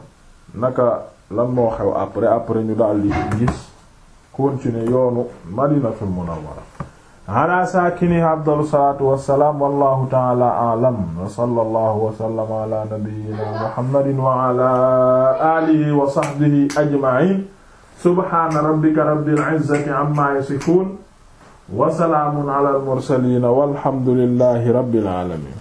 naka lan moo xew après après ñu daal di gis continuer yoonu madinatul munawwara ala saakini afdalu salaatu wassalaam wallahu ta'ala a'lam wa sallallahu wa sallama ala nabiyyina muhammadin wa ala alihi wa sahbihi ajma'in subhana rabbika rabbil izzati amma yasifun wa salaamun ala al mursalin walhamdulillahi rabbil alamin